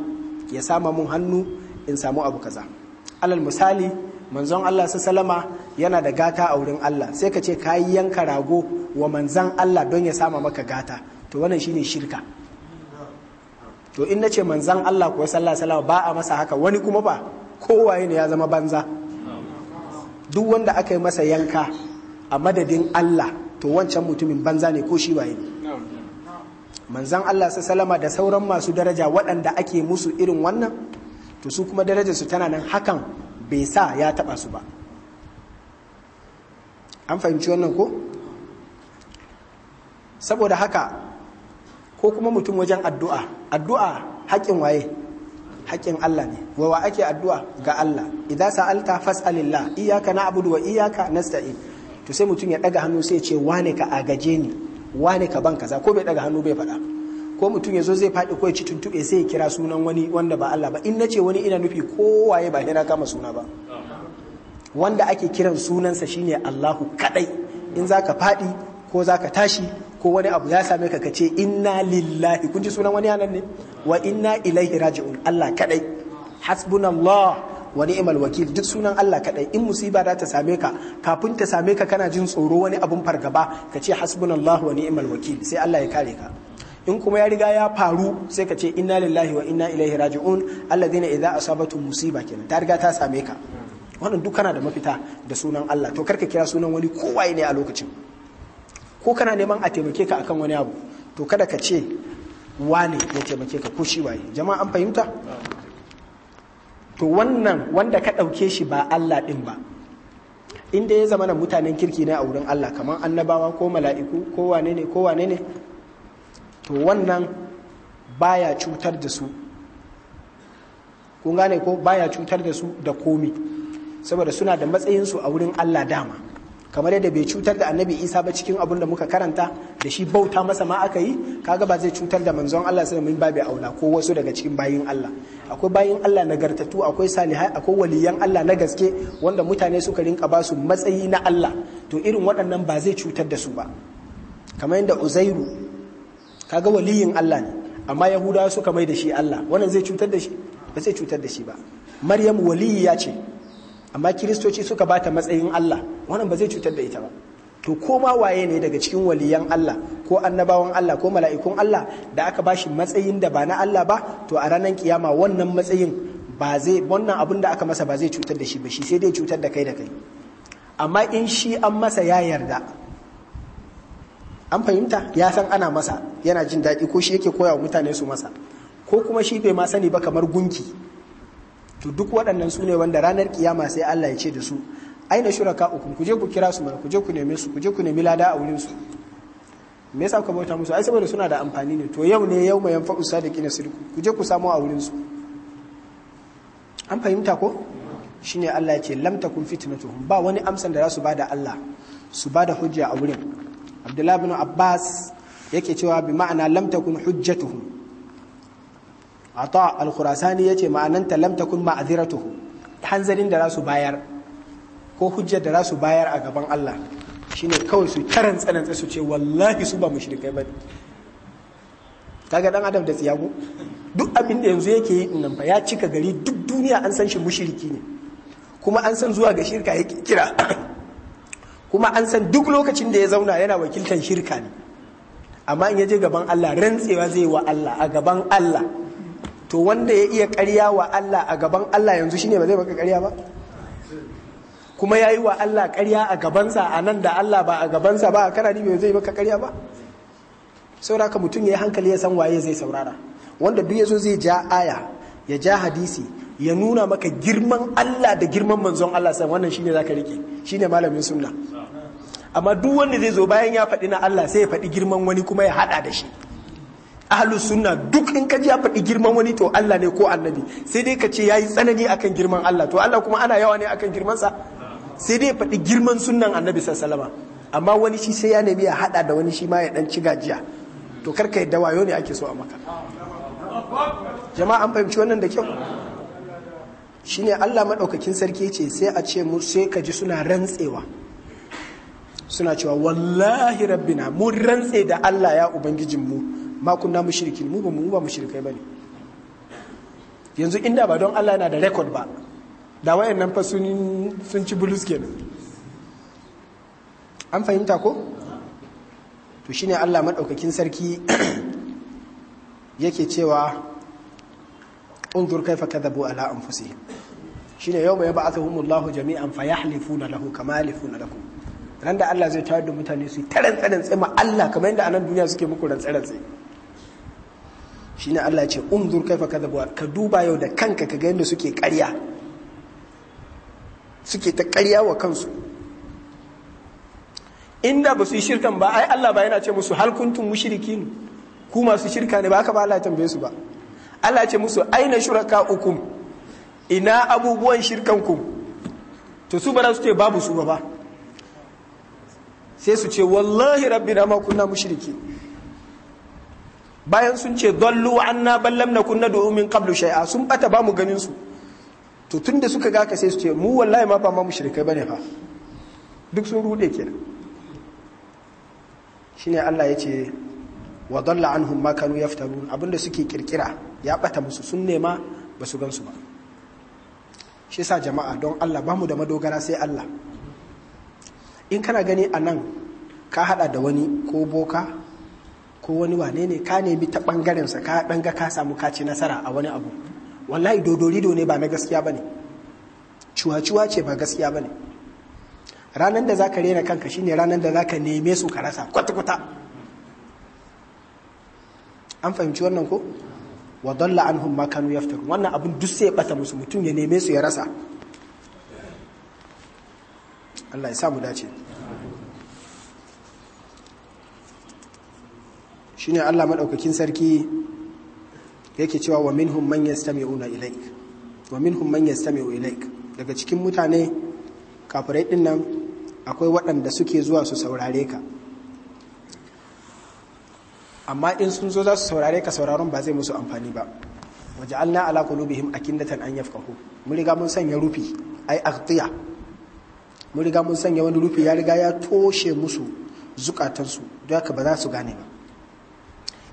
ya sama mun hannu in samu abu kaza alal misali manzon Allah su salama yana da gata a wurin Allah sai ka ce ka yi yanka rago wa manzon Allah don ya sama maka gata to wannan shine shirka to in nace manzon Allah ko sallallahu alaihi wasallam ba a masa haka wani kuma ba kowaye ne ya zama banza duk wanda aka yi masa yanka a madadin Allah to wancan mutumin banza ne ko shi waye ne manzan Allah salama da sauran masu daraja waɗanda ake musu irin wannan to su kuma darajarsu tana nan hakan bai sa ya taɓa su ba an fahimci wannan ko saboda haka ko kuma mutum wajen addu'a addu'a haƙƙin waye haƙƙin Allah ne wawa ake addu'a ga Allah idan sa'alta fas'alillah iyyaka na'budu wa iyyaka nasta'in to sai mutum ya daga hannu sai ce wane ka agaje ni wane ka ban kaza ko bai daga hannu bai faɗa ko mutum ya zo zai faɗi ko ya ci tuntube sai ya kira sunan wani wanda ba Allah ba in na ce wani ina nufi ko waye ba na kama suna ba wanda ake kiran sunansa shine Allahu kadai in zaka faɗi ko zaka tashi ko wani abu ya same ka kace inna lillahi kun ji sunan wani hanan ne wa inna ilaihi raji'un Allah kadai hasbunallah wa ni'mal wakil duk sunan Allah kadai in musiba za ta same ka kafin ta same ka kana jin tsoro wani abun fargaba ka ce hasbunallahu wa ni'mal wakil sai Allah ya kare ka in kuma ya riga ya faru sai ka ce inna lillahi wa inna ilaihi raji'un alladhina idza asabatu musiba kenan ta riga ta same ka wannan duk kana da mafita da sunan Allah to karka kira sunan wani kowaye ne a lokacin ko kana neman a taimake ka akan wani abu to kada ka ce wane ya taimake ka ko shi waye jama'a fahimta to wannan wanda ka ɗauke shi ba Allah ɗin ba inda ya zama na mutanen kirki ne a wurin Allah kamar annabawa ko mala'iku ko wane ne ko wane ne to wannan baya cutar da su kun gane ko baya cutar da su da komi saboda suna da matsayinsu a wurin Allah dama kamar yadda bai cutar da annabi isa ba cikin abin da muka karanta da shi bauta masa ma aka yi kaga ba zai cutar da manzon Allah sai mun babu auna ko wasu daga cikin bayin Allah akwai bayin Allah nagartatu akwai salihai akwai waliyan Allah na gaske wanda mutane suka rinka ba su matsayi na Allah to irin waɗannan ba zai cutar da su ba kamar yadda uzairu kaga waliyin Allah ne amma yahudawa suka mai da shi Allah wannan zai cutar da shi ba zai cutar da shi ba maryam waliyi ya ce amma kiristoci suka bata matsayin Allah wannan ba zai cutar da ita ba to ko ma waye ne daga cikin waliyan Allah ko annabawan Allah ko mala'ikun Allah da aka ba shi matsayin da ba na Allah ba to a ranar kiyama wannan matsayin ba zai wannan abin da aka masa ba zai cutar da shi ba shi sai dai cutar da kai da kai amma in shi an masa ya yarda an fahimta ya san ana masa yana jin daɗi ko shi yake koya wa mutane su masa ko kuma shi bai ma sani ba kamar gunki to duk waɗannan su ne wanda ranar kiyama sai Allah ya ce da su aina shuraka uku kuje ku kira su mana kuje ku neme su kuje ku nemi lada a wurin su me yasa kuka bauta musu ai saboda suna da amfani ne to yau ne yau mai da kina sirku kuje ku samu a wurin su an fahimta ko shine Allah ya ce lam takun fitnatuhum ba wani amsan da za su bada Allah su bada hujja a wurin Abdullah ibn Abbas yake cewa bi ma'ana lam takun hujjatuhum ata al-khurasani yace ma'ananta lam takun ma'adhiratuhum hanzarin da za su bayar ko hujjar da za su bayar a gaban Allah shine kawai su taran tsanantsa su ce wallahi su ba mushrikai ta kaga dan adam da tsiyago duk abin da yanzu yake yi nan ba ya cika gari duk duniya an san shi mushriki ne kuma an san zuwa ga shirka ya kira kuma an san duk lokacin da ya zauna yana wakiltar shirka ne amma in ya je gaban Allah rantsewa zai wa Allah a gaban Allah to wanda ya iya karya wa Allah a gaban Allah yanzu shine ba zai baka karya ba kuma ya yi wa Allah karya a gabansa a nan da Allah ba a gabansa ba a ni mai zai maka karya ba Saura ka mutum ya yi hankali ya san waye zai saurara wanda duk ya zo zai ja aya ya ja hadisi ya nuna maka girman Allah da girman manzon Allah sai wannan shine zaka rike ne malamin sunna amma duk wanda zai zo bayan ya faɗi na Allah sai ya faɗi girman wani kuma ya hada da shi ahlu sunna duk in ka ji ya faɗi girman wani to Allah ne ko annabi sai dai ka ce yayi tsanani akan girman Allah to Allah kuma ana yawa ne akan girman sa. sai dai faɗi girman sunan annabi sassalama amma wani shi sai ya nemi ya haɗa da wani shi ma ya ɗan ci gajiya to karka yadda wayo ne ake so a maka jama'a an fahimci wannan da kyau shine Allah maɗaukakin sarki ce sai a ce mu sai ka ji suna rantsewa suna cewa wallahi rabbina mu rantse da Allah ya ubangijin makunna mu shirki mu ba mu ba ne yanzu inda ba don Allah yana da record ba da wayannan fa sun ci bulus kenan an fahimta ko to shine Allah maɗaukakin sarki (clears throat) yake cewa unzur kaifa kadhabu ala anfusihim shine yawma yab'athuhumullahu jami'an fayahlifuna lahu kama na lahu ran da Allah zai tawar da mutane su taran tsaran tsima Allah kamar yadda anan duniya suke muku ran tsarin tsaye shine Allah ya ce unzur kaifa kadhabu ka duba yau da kanka ka ga yadda suke karya. suke ta karya wa kansu inda ba su yi shirkan ba ai Allah ba yana ce musu halkuntun mushiriki ne ku masu shirka ne ba aka ba Allah tambaye su ba Allah ce musu aina shuraka ukum ina abubuwan shirkan ku to su ba su ce babu su ba ba sai su ce wallahi rabbina ma kunna mushriki bayan sun ce dallu anna ballam na kunna du'u min qablu shay'a sun bata ba mu ganin su to tun da suka gaka sai su ce mu wallahi ma ba ma mushrikai bane fa duk sun rude kenan shine Allah ya ce wa dalla anhum ma kanu yaftarun abinda suke kirkira ya bata musu sun nema ba su gansu ba shi yasa jama'a don Allah ba mu da madogara sai Allah in kana gani a nan ka hada da wani ko boka ko wani wane ne ka nemi ta bangarensa ka danga ka samu kaci nasara a wani abu wallahi dodorido ne ba na gaskiya ba ne cuwa-cuwa ce ba gaskiya ba ne ranar da za ka rena kanka shine ranar da za ka neme su ka rasa kwata-kwata an fahimci wannan ko wa an hun ma ya fitar wannan abin duk sai ya bata musu mutum ya neme su ya rasa Allah ya sa mu dace Shi ne Allah maɗaukakin sarki yake cewa wa minhum man yastami'una ilaik wa minhum man yastami'u ilaik daga cikin mutane kafirai din nan akwai waɗanda suke zuwa su saurare ka amma in sun zo za su saurare ka sauraron ba zai musu amfani ba waje alna ala qulubihim akindatan an yafqahu mun riga mun sanya rufi ai aghtiya mun riga mun sanya wani rufi ya riga ya toshe musu zukatansu don haka ba za su gane ba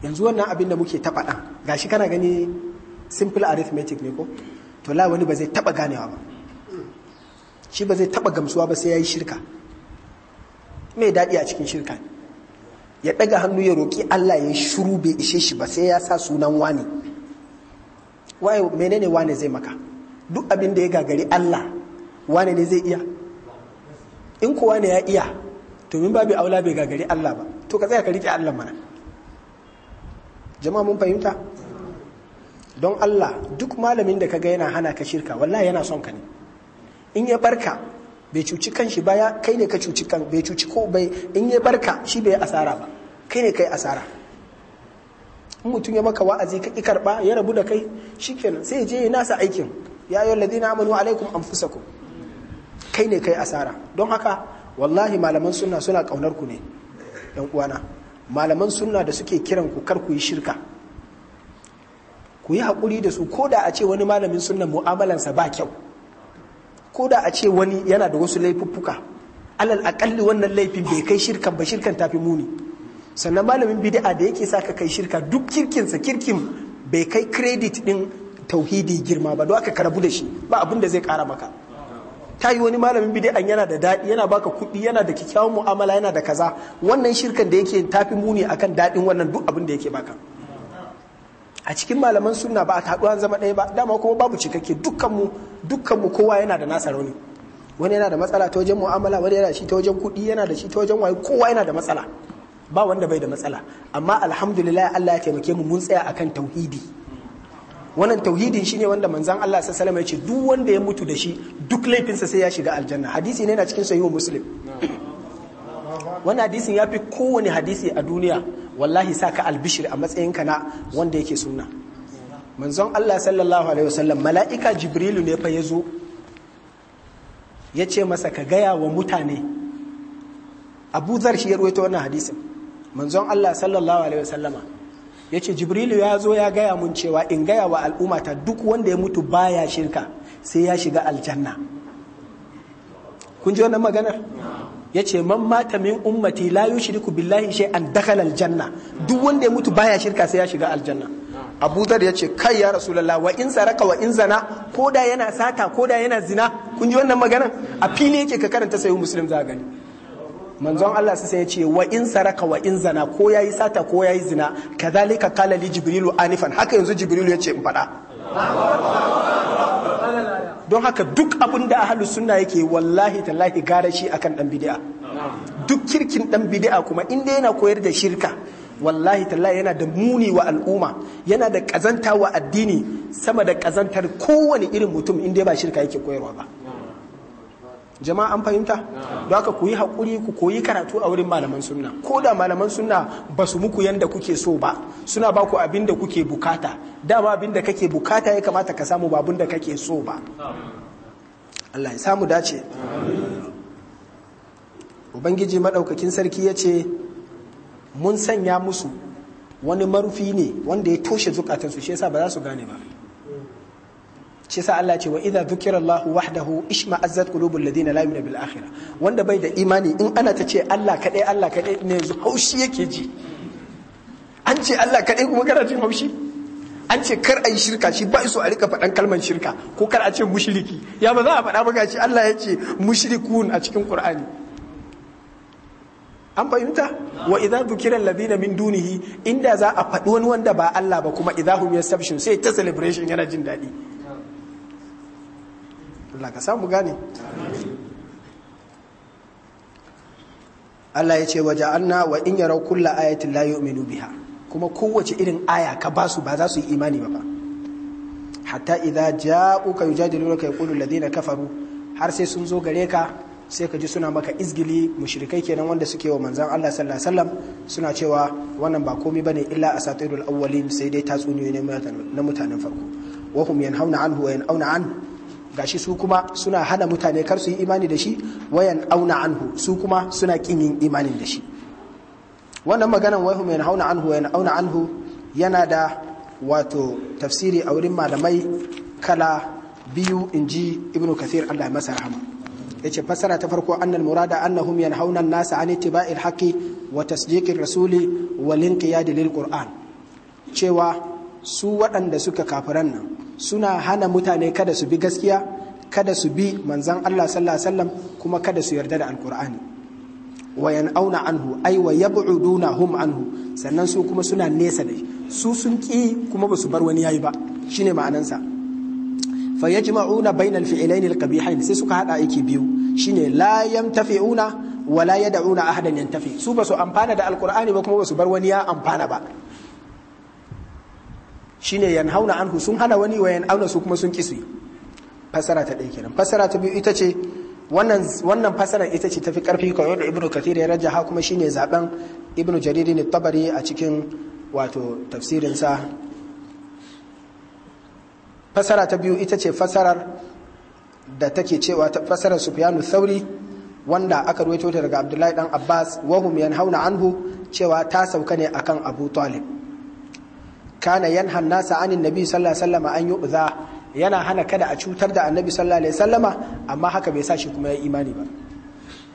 yanzu wannan abin da muke taɓa ɗan ga shi kana gani simple arithmetic ne ko to la wani ba zai taɓa ganewa ba shi ba zai taɓa gamsuwa ba sai ya yi shirka mai daɗi a cikin shirka ne ya ɗaga hannu ya roƙi Allah ya shuru bai ishe shi ba sai ya sa sunan wani waye menene wani zai maka duk abin da ya gagari Allah wani ne zai iya in ko ne ya iya to min babu aula bai gagari Allah ba to ka tsaya ka rike Allah mana jama'a mun fahimta don Allah duk malamin da kaga yana hana ka shirka wallahi yana son ka ne in ya barka bai cuci kanshi ba ya kai ne ka cuci kan bai cuci ko bai in ya barka shi bai asara ba kai ne kai asara in mutum ya maka wa'azi ka ki karba ya rabu da kai shikenan sai je ya nasa aikin ya ayyuhal ladina amanu alaikum anfusakum kai ne kai asara don haka wallahi malaman sunna suna kaunar ku ne yan uwana malaman sunna da suke kiran ku kar ku yi shirka ku yi haƙuri da su ko da a ce wani malamin sunna mu'amalansa ba kyau ko da a ce wani yana da wasu laifuffuka alal akalli wannan laifin bai kai shirkan ba shirkan tafi muni sannan malamin bid'a da yake sa ka kai shirka duk kirkinsa kirkin bai kai kredit din tauhidi girma ba don aka karabu da shi ba abin da zai ƙara maka ta yi wani malamin bid'an yana da daɗi yana baka kuɗi yana da kyakkyawan mu'amala yana da kaza wannan shirkan da yake tafi muni akan daɗin wannan duk abin da yake baka a cikin malaman sunna ba a haɗu an zama ɗaya ba dama kuma babu cikakke dukkanmu kowa yana da nasa rauni wani yana da matsala ta wajen mu'amala wani yana da shi ta wajen kuɗi yana da shi ta wajen waye kowa yana da matsala ba wanda bai da matsala amma alhamdulillah Allah ya taimake mu mun tsaya akan tauhidi wannan tauhidin shi ne wanda manzan Allah sallallahu salama ya ce duk wanda ya mutu da shi duk laifinsa sai ya shiga aljanna hadisi ne na cikin sahihu muslim wannan hadisin ya fi kowane hadisi a duniya wallahi sa ka albishir a ka na wanda yake suna manzon Allah sallallahu alaihi wasallam mala'ika jibrilu ne fa ya zo ya ce masa ka gaya wa mutane abu zar shi ya ruwaito wannan hadisin manzon Allah sallallahu alaihi wasallama ya ce jibrilu ya zo ya gaya mun cewa in gaya wa al'ummata duk wanda ya mutu baya shirka sai ya shiga aljanna kun ji wannan maganar ya ce man mata min ummati la yushriku billahi an dakhala aljanna duk wanda ya mutu baya shirka sai ya shiga aljanna Abu Dhar ya ce kai ya Rasulullah wa in saraka wa in zana koda yana sata koda yana zina kun ji wannan maganar a fili yake ka karanta sai muslim za gani manzon Allah sai ya ce wa in saraka wa in zana ko yayi sata ko yayi zina kadhalika qala li jibrilu anifan haka yanzu jibrilu ya ce in faɗa don haka duk abin da ahlus sunna yake wallahi tallahi gara shi akan dan bid'a duk kirkin dan bid'a kuma inda yana koyar da shirka wallahi tallahi yana da muni wa al'umma yana da kazanta wa addini sama da kazantar kowane irin mutum inda ba shirka yake koyarwa ba jama'a an fahimta don ka koyi yi haƙuri ku koyi karatu a wurin malaman sunna ko da malaman sunna ba su muku yadda kuke so ba suna ba ku abin da kuke bukata dama abin da kake bukata ya kamata ka samu ba da kake so ba Allah ya samu dace ubangiji maɗaukakin sarki ya ce mun sanya musu wani marufi ne wanda ya toshe zukatansu shi yasa ba za su gane ba shi sa Allah ce wa idza dhukira Allah wahdahu ishma azzat qulubul ladina la yu'minu bil akhirah wanda bai da imani in ana ta ce Allah kadai Allah kadai ne yanzu haushi yake ji an ce Allah kadai kuma kana jin haushi an ce kar a yi shirka shi ba so a rika faɗan kalmar shirka ko kar a ce mushriki ya ba za a faɗa ba gashi Allah ya ce mushrikun a cikin Qur'ani an fahimta wa idza dhukira alladhina min dunihi inda za a faɗi wani wanda ba Allah ba kuma idza hum yastabshun sai ta celebration yana jin daɗi Allah ka samu gane Allah ya ce waje anna wa in yarau kulla ayatin la yu'minu biha kuma kowace irin aya ka ba su ba za su yi imani ba hatta idza ja'uka yujadiluka yaqulu alladhina kafaru har sai sun zo gare ka sai ka ji suna maka izgili mushrikai kenan wanda suke wa manzan Allah sallallahu alaihi wasallam suna cewa wannan ba komai bane illa asatirul awwalin sai dai tatsuniyoyi na mutanen farko wa hum yanhauna anhu wa yan'auna anhu gashi su kuma suna hana mutane kar su yi imani da shi wayan auna anhu su kuma suna kin yin imanin da shi wannan maganan wai hum yanhauna anhu wayan auna anhu yana da wato tafsiri a wurin malamai kala biyu inji ibnu kathir Allah ya masa rahama yace fassara ta farko annal murada annahum yanhauna an-nasa an ittiba'il haqqi wa tasdiqir rasuli wal inqiyad lil qur'an cewa su waɗanda suka kafiran nan suna hana mutane kada su bi gaskiya kada su bi manzan Allah sallallahu alaihi kuma kada su yarda da alkur'ani Wayan auna anhu ay wa yab'uduna hum anhu sannan su kuma suna nesa da su sun ki kuma ba su bar wani yayi ba shine ma'anansa fa yajma'una bainal fi'lain alqabihain sai suka hada aiki biyu shine la yamtafi'una wa la yad'una ahadan yantafi su ba su amfana da alkur'ani ba kuma ba su bar wani ya amfana ba shine hauna anhu sun hana wani wa auna su kuma sun kisu fasara ta ɗaya kenan fasara ta biyu ita ce wannan wannan fasarar ita ce tafi karfi kawai da ibnu kathir ya rajaha kuma shine zaben ibnu jarir ne tabari a cikin wato tafsirin sa fasara ta biyu ita ce fasarar da take cewa ta fasarar sufyanu sauri wanda aka ruwaito ta daga abdullahi dan abbas wahum yanhauna anhu cewa ta sauka ne akan abu talib kana yanha nasa anin nabi sallallahu alaihi wasallama an yu'za yana hana kada a cutar da annabi sallallahu alaihi wasallama amma haka bai sa shi kuma ya imani ba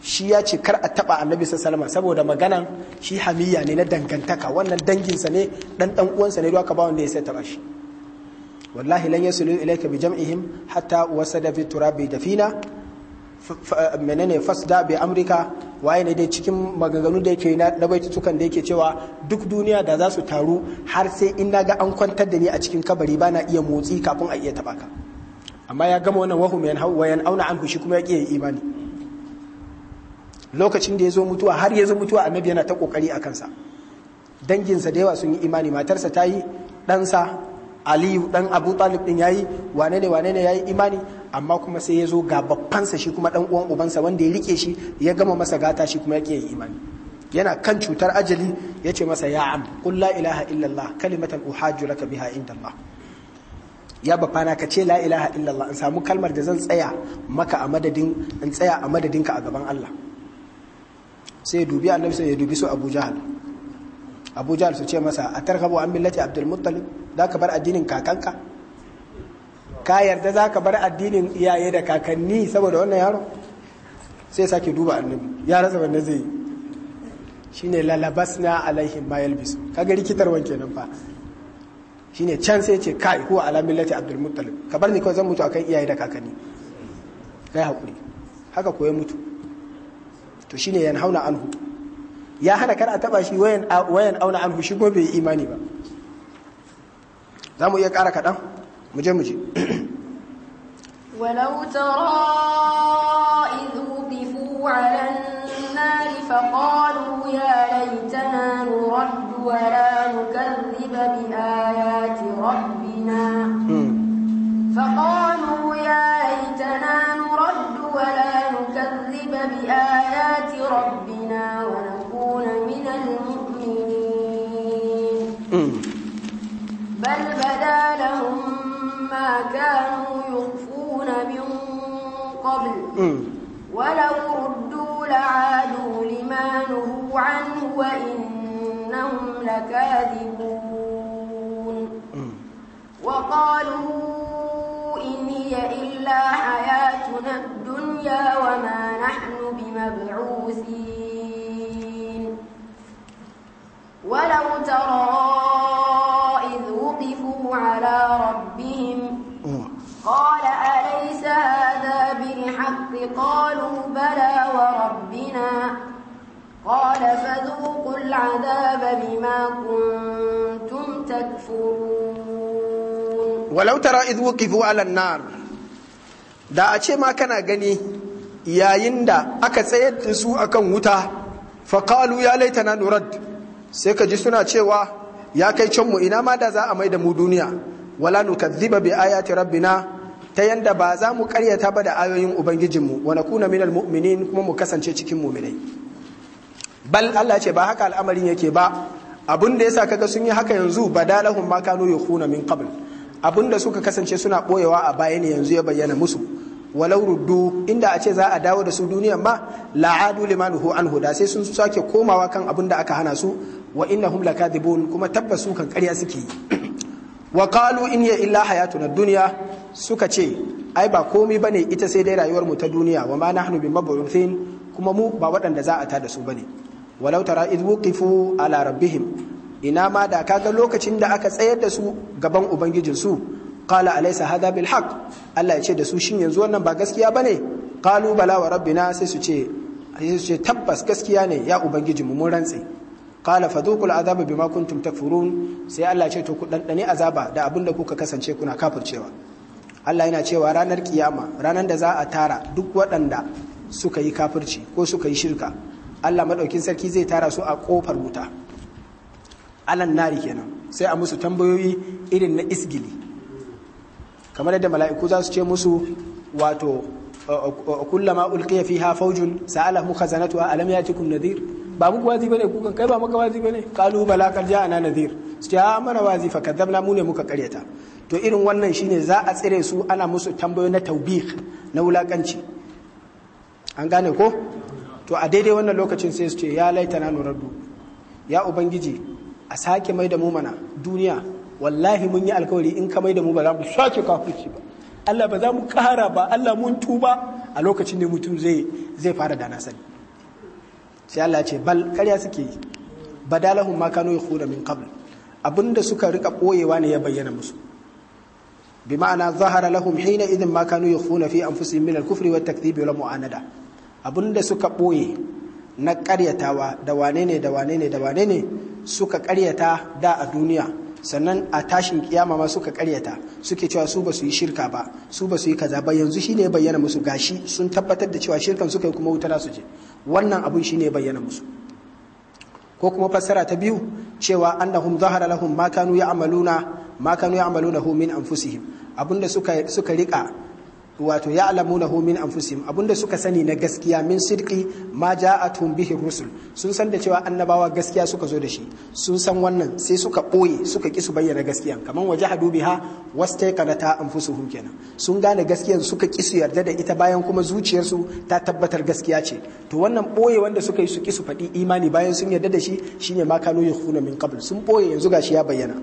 shi ya ce kar a taba annabi sallallahu alaihi saboda maganan shi hamiya ne na dangantaka wannan danginsa ne dan dan uwansa ne doka ba wanda ya sai taba shi wallahi lan yasulu ilayka bi jam'ihim hatta wasada fi turabi dafina Eh, menene da bai amurka waye ne dai cikin maganganu da yake na tukan da yake cewa duk duniya da za su taru har sai in na ga an kwantar da ni a cikin kabari ba na iya motsi kafin a iya taɓa ka amma ya gama wannan wahu yan auna an hushi kuma ya ƙi imani lokacin da ya zo mutuwa har ya zo mutuwa annabi yana ta kokari a kansa danginsa da yawa sun yi imani matarsa ta yi ɗansa aliyu ɗan abu talib ɗin ya yi wane ne wane ne ya yi imani amma kuma sai ya zo ga babbansa shi kuma dan uwan ubansa wanda ya rike shi ya gama masa gata shi kuma yake imani yana kan cutar ajali ya ce masa ya am qul la ilaha illallah kalimatan uhajju laka biha inda Allah ya bafana ka ce la ilaha illallah in samu kalmar da zan tsaya maka a madadin in tsaya a madadin ka a gaban Allah sai ya dubi annabi sai ya dubi su Abu Jahal Abu Jahal su ce masa atarhabu an millati Abdul Muttalib ka bar addinin kakanka ka yarda za ka bar addinin iyaye da kakanni saboda wannan yaro sai sake duba annabi ya rasa wanda zai yi shine lalabas na alaihim ma yalbis kaga wanke nan fa shine can sai ce kai huwa ala millati abdul muttalib ka bar ni kawai zan mutu akan iyaye da kakanni kai haƙuri haka koyi mutu to shine yan hauna anhu ya hana kar a taɓa shi wayan auna anhu shi gobe imani ba za mu iya kara kaɗan mu je mu je (clears throat) ولو ترى إذ وقفوا على النار فقالوا يا ليتنا نرد ولا نكذب بآيات ربنا فقالوا يا ليتنا نرد ولا نكذب بآيات ربنا ونكون من المؤمنين بل بدا لهم ما كانوا يخفون يعظون من قبل ولو ردوا لعادوا لما نهوا عنه وإنهم لكاذبون وقالوا إن هي إلا حياتنا الدنيا وما نحن بمبعوثين ولو ترى قالوا بلى وربنا قال فذوقوا العذاب بما كنتم تكفرون ولو ترى إذ وقفوا على النار da a ce ma kana gani yayin da aka tsayar da su akan wuta faƙalu ya laita na nurad sai ka ji suna cewa ya kai canmu ina ma da za a mai da mu duniya wala nukazziba bi ayati rabbina ta yanda ba za mu karyata ba da ayoyin ubangijinmu wa kuna minal mu'minin kuma mu kasance cikin mu'minai bal Allah ce ba haka al'amarin yake ba abin da ya yasa kaga sun yi haka yanzu badalahum ma kanu yukhuna min qabl abin da suka kasance suna ɓoyewa a baya ne yanzu ya bayyana musu walau ruddu inda a ce za a dawo da su duniya ma la'adu liman hu an huda sai sun sake komawa kan abin da aka hana su wa innahum lakadibun kuma tabbas su kan ƙarya suke yi wa kalu in ya illa hayatuna duniya suka ce ai ba komai ne ita sai dai rayuwar mu ta duniya wa ma nahnu bi mab'uthin kuma mu ba waɗanda za a ta da su bane walau tara id wuqifu ala rabbihim ina ma da kaga lokacin da aka tsayar da su gaban ubangijinsu su alaisa alaysa bilhak Allah ya ce da su shin yanzu wannan ba gaskiya ba ne kalu bala wa rabbina sai sai su ce tabbas gaskiya ne ya ubangijinmu mun rantse qala fadhuqul azaba bima kuntum takfurun sai Allah ce to ku dandane azaba da abin da kuka kasance kuna kafircewa Allah yana cewa ranar kiyama ranar da za a tara duk waɗanda suka yi kafirci ko suka yi shirka Allah madaukin sarki zai tara su a kofar wuta alan nari kenan sai a musu tambayoyi irin na isgili kamar yadda mala'iku za su ce musu wato kullama ulqiya fiha fawjun sa'alahu khazanatuha alam yatikum nadhir ba muku wazi bane kukan kai ba maka wazi bane kalu bala qad ja'ana nadhir su ya ah, mana wazi fa kadabna mu ne muka karyata to irin wannan shine za a tsire su ana musu tambayo na taubih na wulakanci an gane ko to a daidai wannan lokacin sai su ce ya laitana nuraddu ya ubangiji a sake mai da mu mana duniya wallahi mun yi alkawari in ka mai da mu ba za mu sake kafirci ba Allah ba za mu kara ba Allah mun tuba a lokacin da mutum zai zai fara dana sani sai Allah ce bal karya suke yi badalahum ma kanu yakhuna min qabl abinda suka rika ɓoyewa ne ya bayyana musu bi ma'ana zahara lahum hina idin ma kanu yakhuna fi anfusihim min al-kufri wat takdhib mu'anada abinda suka ɓoye na karyatawa da wane ne da wane ne da wane ne suka karyata da a duniya sannan a tashin kiyama ma suka karyata suke cewa su ba su yi shirka ba su ba su yi kaza ba yanzu shine bayyana musu gashi sun tabbatar da cewa shirkan suka yi kuma wuta su je wannan abun shine bayyana musu ko kuma fassara ta biyu cewa annahum zahara lahum ma kanu ya'maluna ma kanu hu min anfusihim abinda suka suka rika wato ya alamu na min amfusim abinda suka sani na gaskiya min sidqi ma ja tun bihi rusul sun san da cewa annabawa gaskiya suka zo da shi sun san wannan sai suka ɓoye suka ƙi su bayyana ha wasu wajahadu biha ta anfusuhum kenan sun gane gaskiya suka ƙi su yarda da ita bayan kuma zuciyarsu ta tabbatar gaskiya ce to wannan ɓoye wanda suka yi su ƙi su faɗi imani bayan sun yarda da shi shine ma kanu yakhuna min qabl sun ɓoye yanzu gashi ya bayyana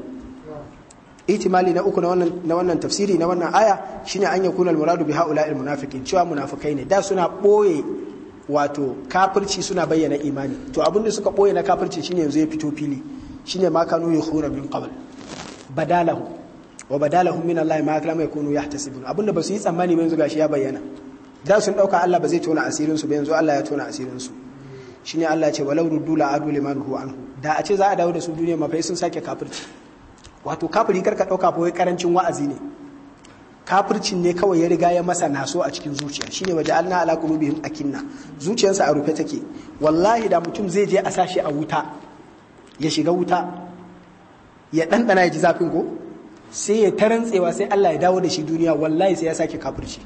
ihtimali na uku na wannan tafsiri na wannan aya shine an yi kuna muradu bi haula'il munafiqin cewa munafikai ne da suna boye wato kafirci suna bayyana imani to abin da suka boye na kafirci shine yanzu ya fito fili shine ma kanu yukhuna min qabl badalahu wa badalahum min Allah ma kanu yakunu yahtasibun abin da su yi tsammani ba yanzu gashi ya bayyana da sun dauka Allah ba zai tona asirin su ba yanzu Allah ya tona asirin su shine Allah ya ce walau ruddu la adu liman hu anhu da a ce za a dawo da su duniya mafai sun sake kafirci wato kafiri karka ɗauka ba wai karancin wa'azi ne kafircin ne kawai ya riga ya masa naso a cikin zuciya shine waje alna ala qulubihim akinna zuciyarsa a rufe take wallahi da mutum zai je a sashi a wuta ya shiga wuta ya ɗanɗana ya ji zafin ko sai ya tarantsewa sai Allah ya dawo da shi duniya wallahi sai ya sake kafirci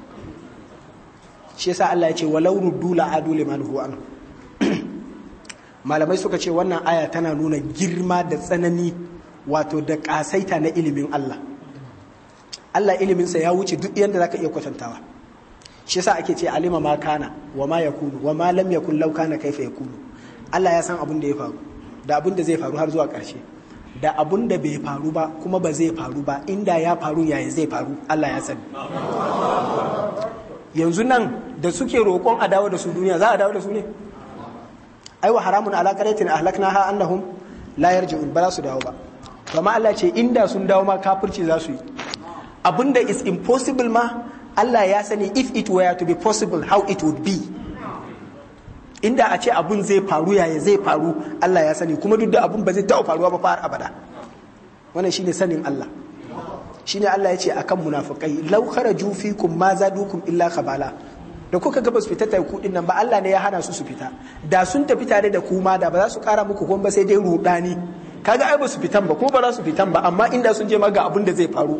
shi yasa Allah ya ce walau ruddu la adu liman huwa (clears throat) malamai suka ce wannan aya tana nuna girma da tsanani wato da kasaita na ilimin Allah Allah iliminsa ya wuce duk yadda zaka iya kwatantawa shi yasa ake ce alima ma kana wa ma yakunu wa ma lam yakun law kana kaifa yakunu Allah ya san abin da ya faru da abin da zai faru har zuwa ƙarshe da abun da bai faru ba kuma ba zai faru ba inda ya faru yayin zai faru Allah ya sani yanzu nan da suke roƙon a dawo da su duniya za a dawo da su ne aiwa haramun alaƙaratin ahlaknaha annahum la yarji'un ba za su dawo ba amma Allah ce inda sun dawo ma kafirci za su yi abinda is impossible ma Allah ya sani if it were to be possible how it would be inda a ce abun zai faru yaya zai faru Allah ya sani kuma duk da abun ba zai taɓa faruwa ba fara abada wannan shine sanin Allah shine Allah ya ce akan munafikai law jufi fikum ma zadukum illa khabala da kuka ga basu fita taiku din nan ba Allah ne ya hana su su fita da sun tafi tare da kuma da ba za su kara muku kuma ba sai dai rudani kaga ai ba su fitan ba kuma ba za su fitan ba amma inda sun je ma ga abin da zai faru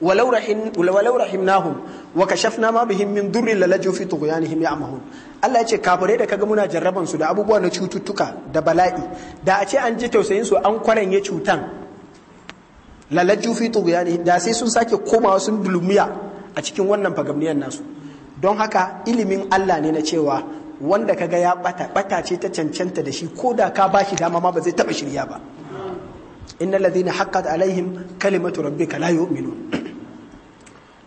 walau rahim nahu rahimnahum wa kashafna ma bihim min durri lalaju fi tughyanihim ya'mahun Allah ya ce kafirai da kaga muna jarraban su da abubuwa na cututtuka da bala'i da a ce an ji tausayin su an kwaranye cutan lalaju fi tughyanihim da sai sun sake komawa sun dulumiya a cikin wannan fagamniyar nasu don haka ilimin Allah ne na cewa wanda ka ga ya bata bata ce ta cancanta da shi ko da ka bashi dama ma ba zai taba shirya ba innal lazina haqqat alaihim kalimatu rabbika la yu'minun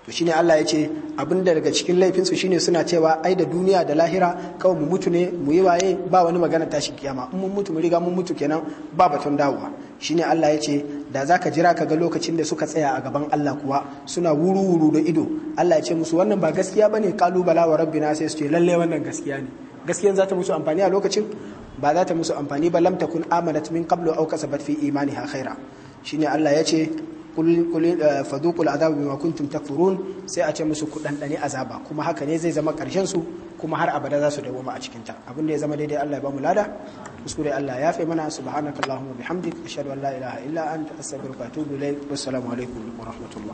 to shine Allah ya ce abinda daga cikin laifinsu shine suna cewa ai da duniya da lahira kawai mu mutu ne mu yi waye ba wani magana tashi kiyama in mun mutu mu riga mun mutu kenan ba batun dawowa shine Allah ya ce da zaka jira ka ga lokacin da suka tsaya a gaban Allah kuwa suna wuru wuru da ido Allah ya ce musu wannan ba gaskiya bane kalu bala wa rabbina sai su ce lalle wannan gaskiya ne gaskiyan za ta musu amfani a lokacin ba za ta musu amfani ba lam takun amanat min qablu aw kasabat fi imaniha khaira shine Allah ya ce Eh, fadukul azabu bima kuntum takfurun sai a ce musu kuɗanɗani azaba kuma haka ne zai zama karshen su kuma har abada za su dawoma a cikin ta abin da ya zama daidai Allah ya bamu lada kuskure Allah ya fi mana subhanakallahumma bihamdik ashhadu an la ilaha illa anta astaghfiruka wa atubu ilaik wassalamu alaikum wa rahmatullah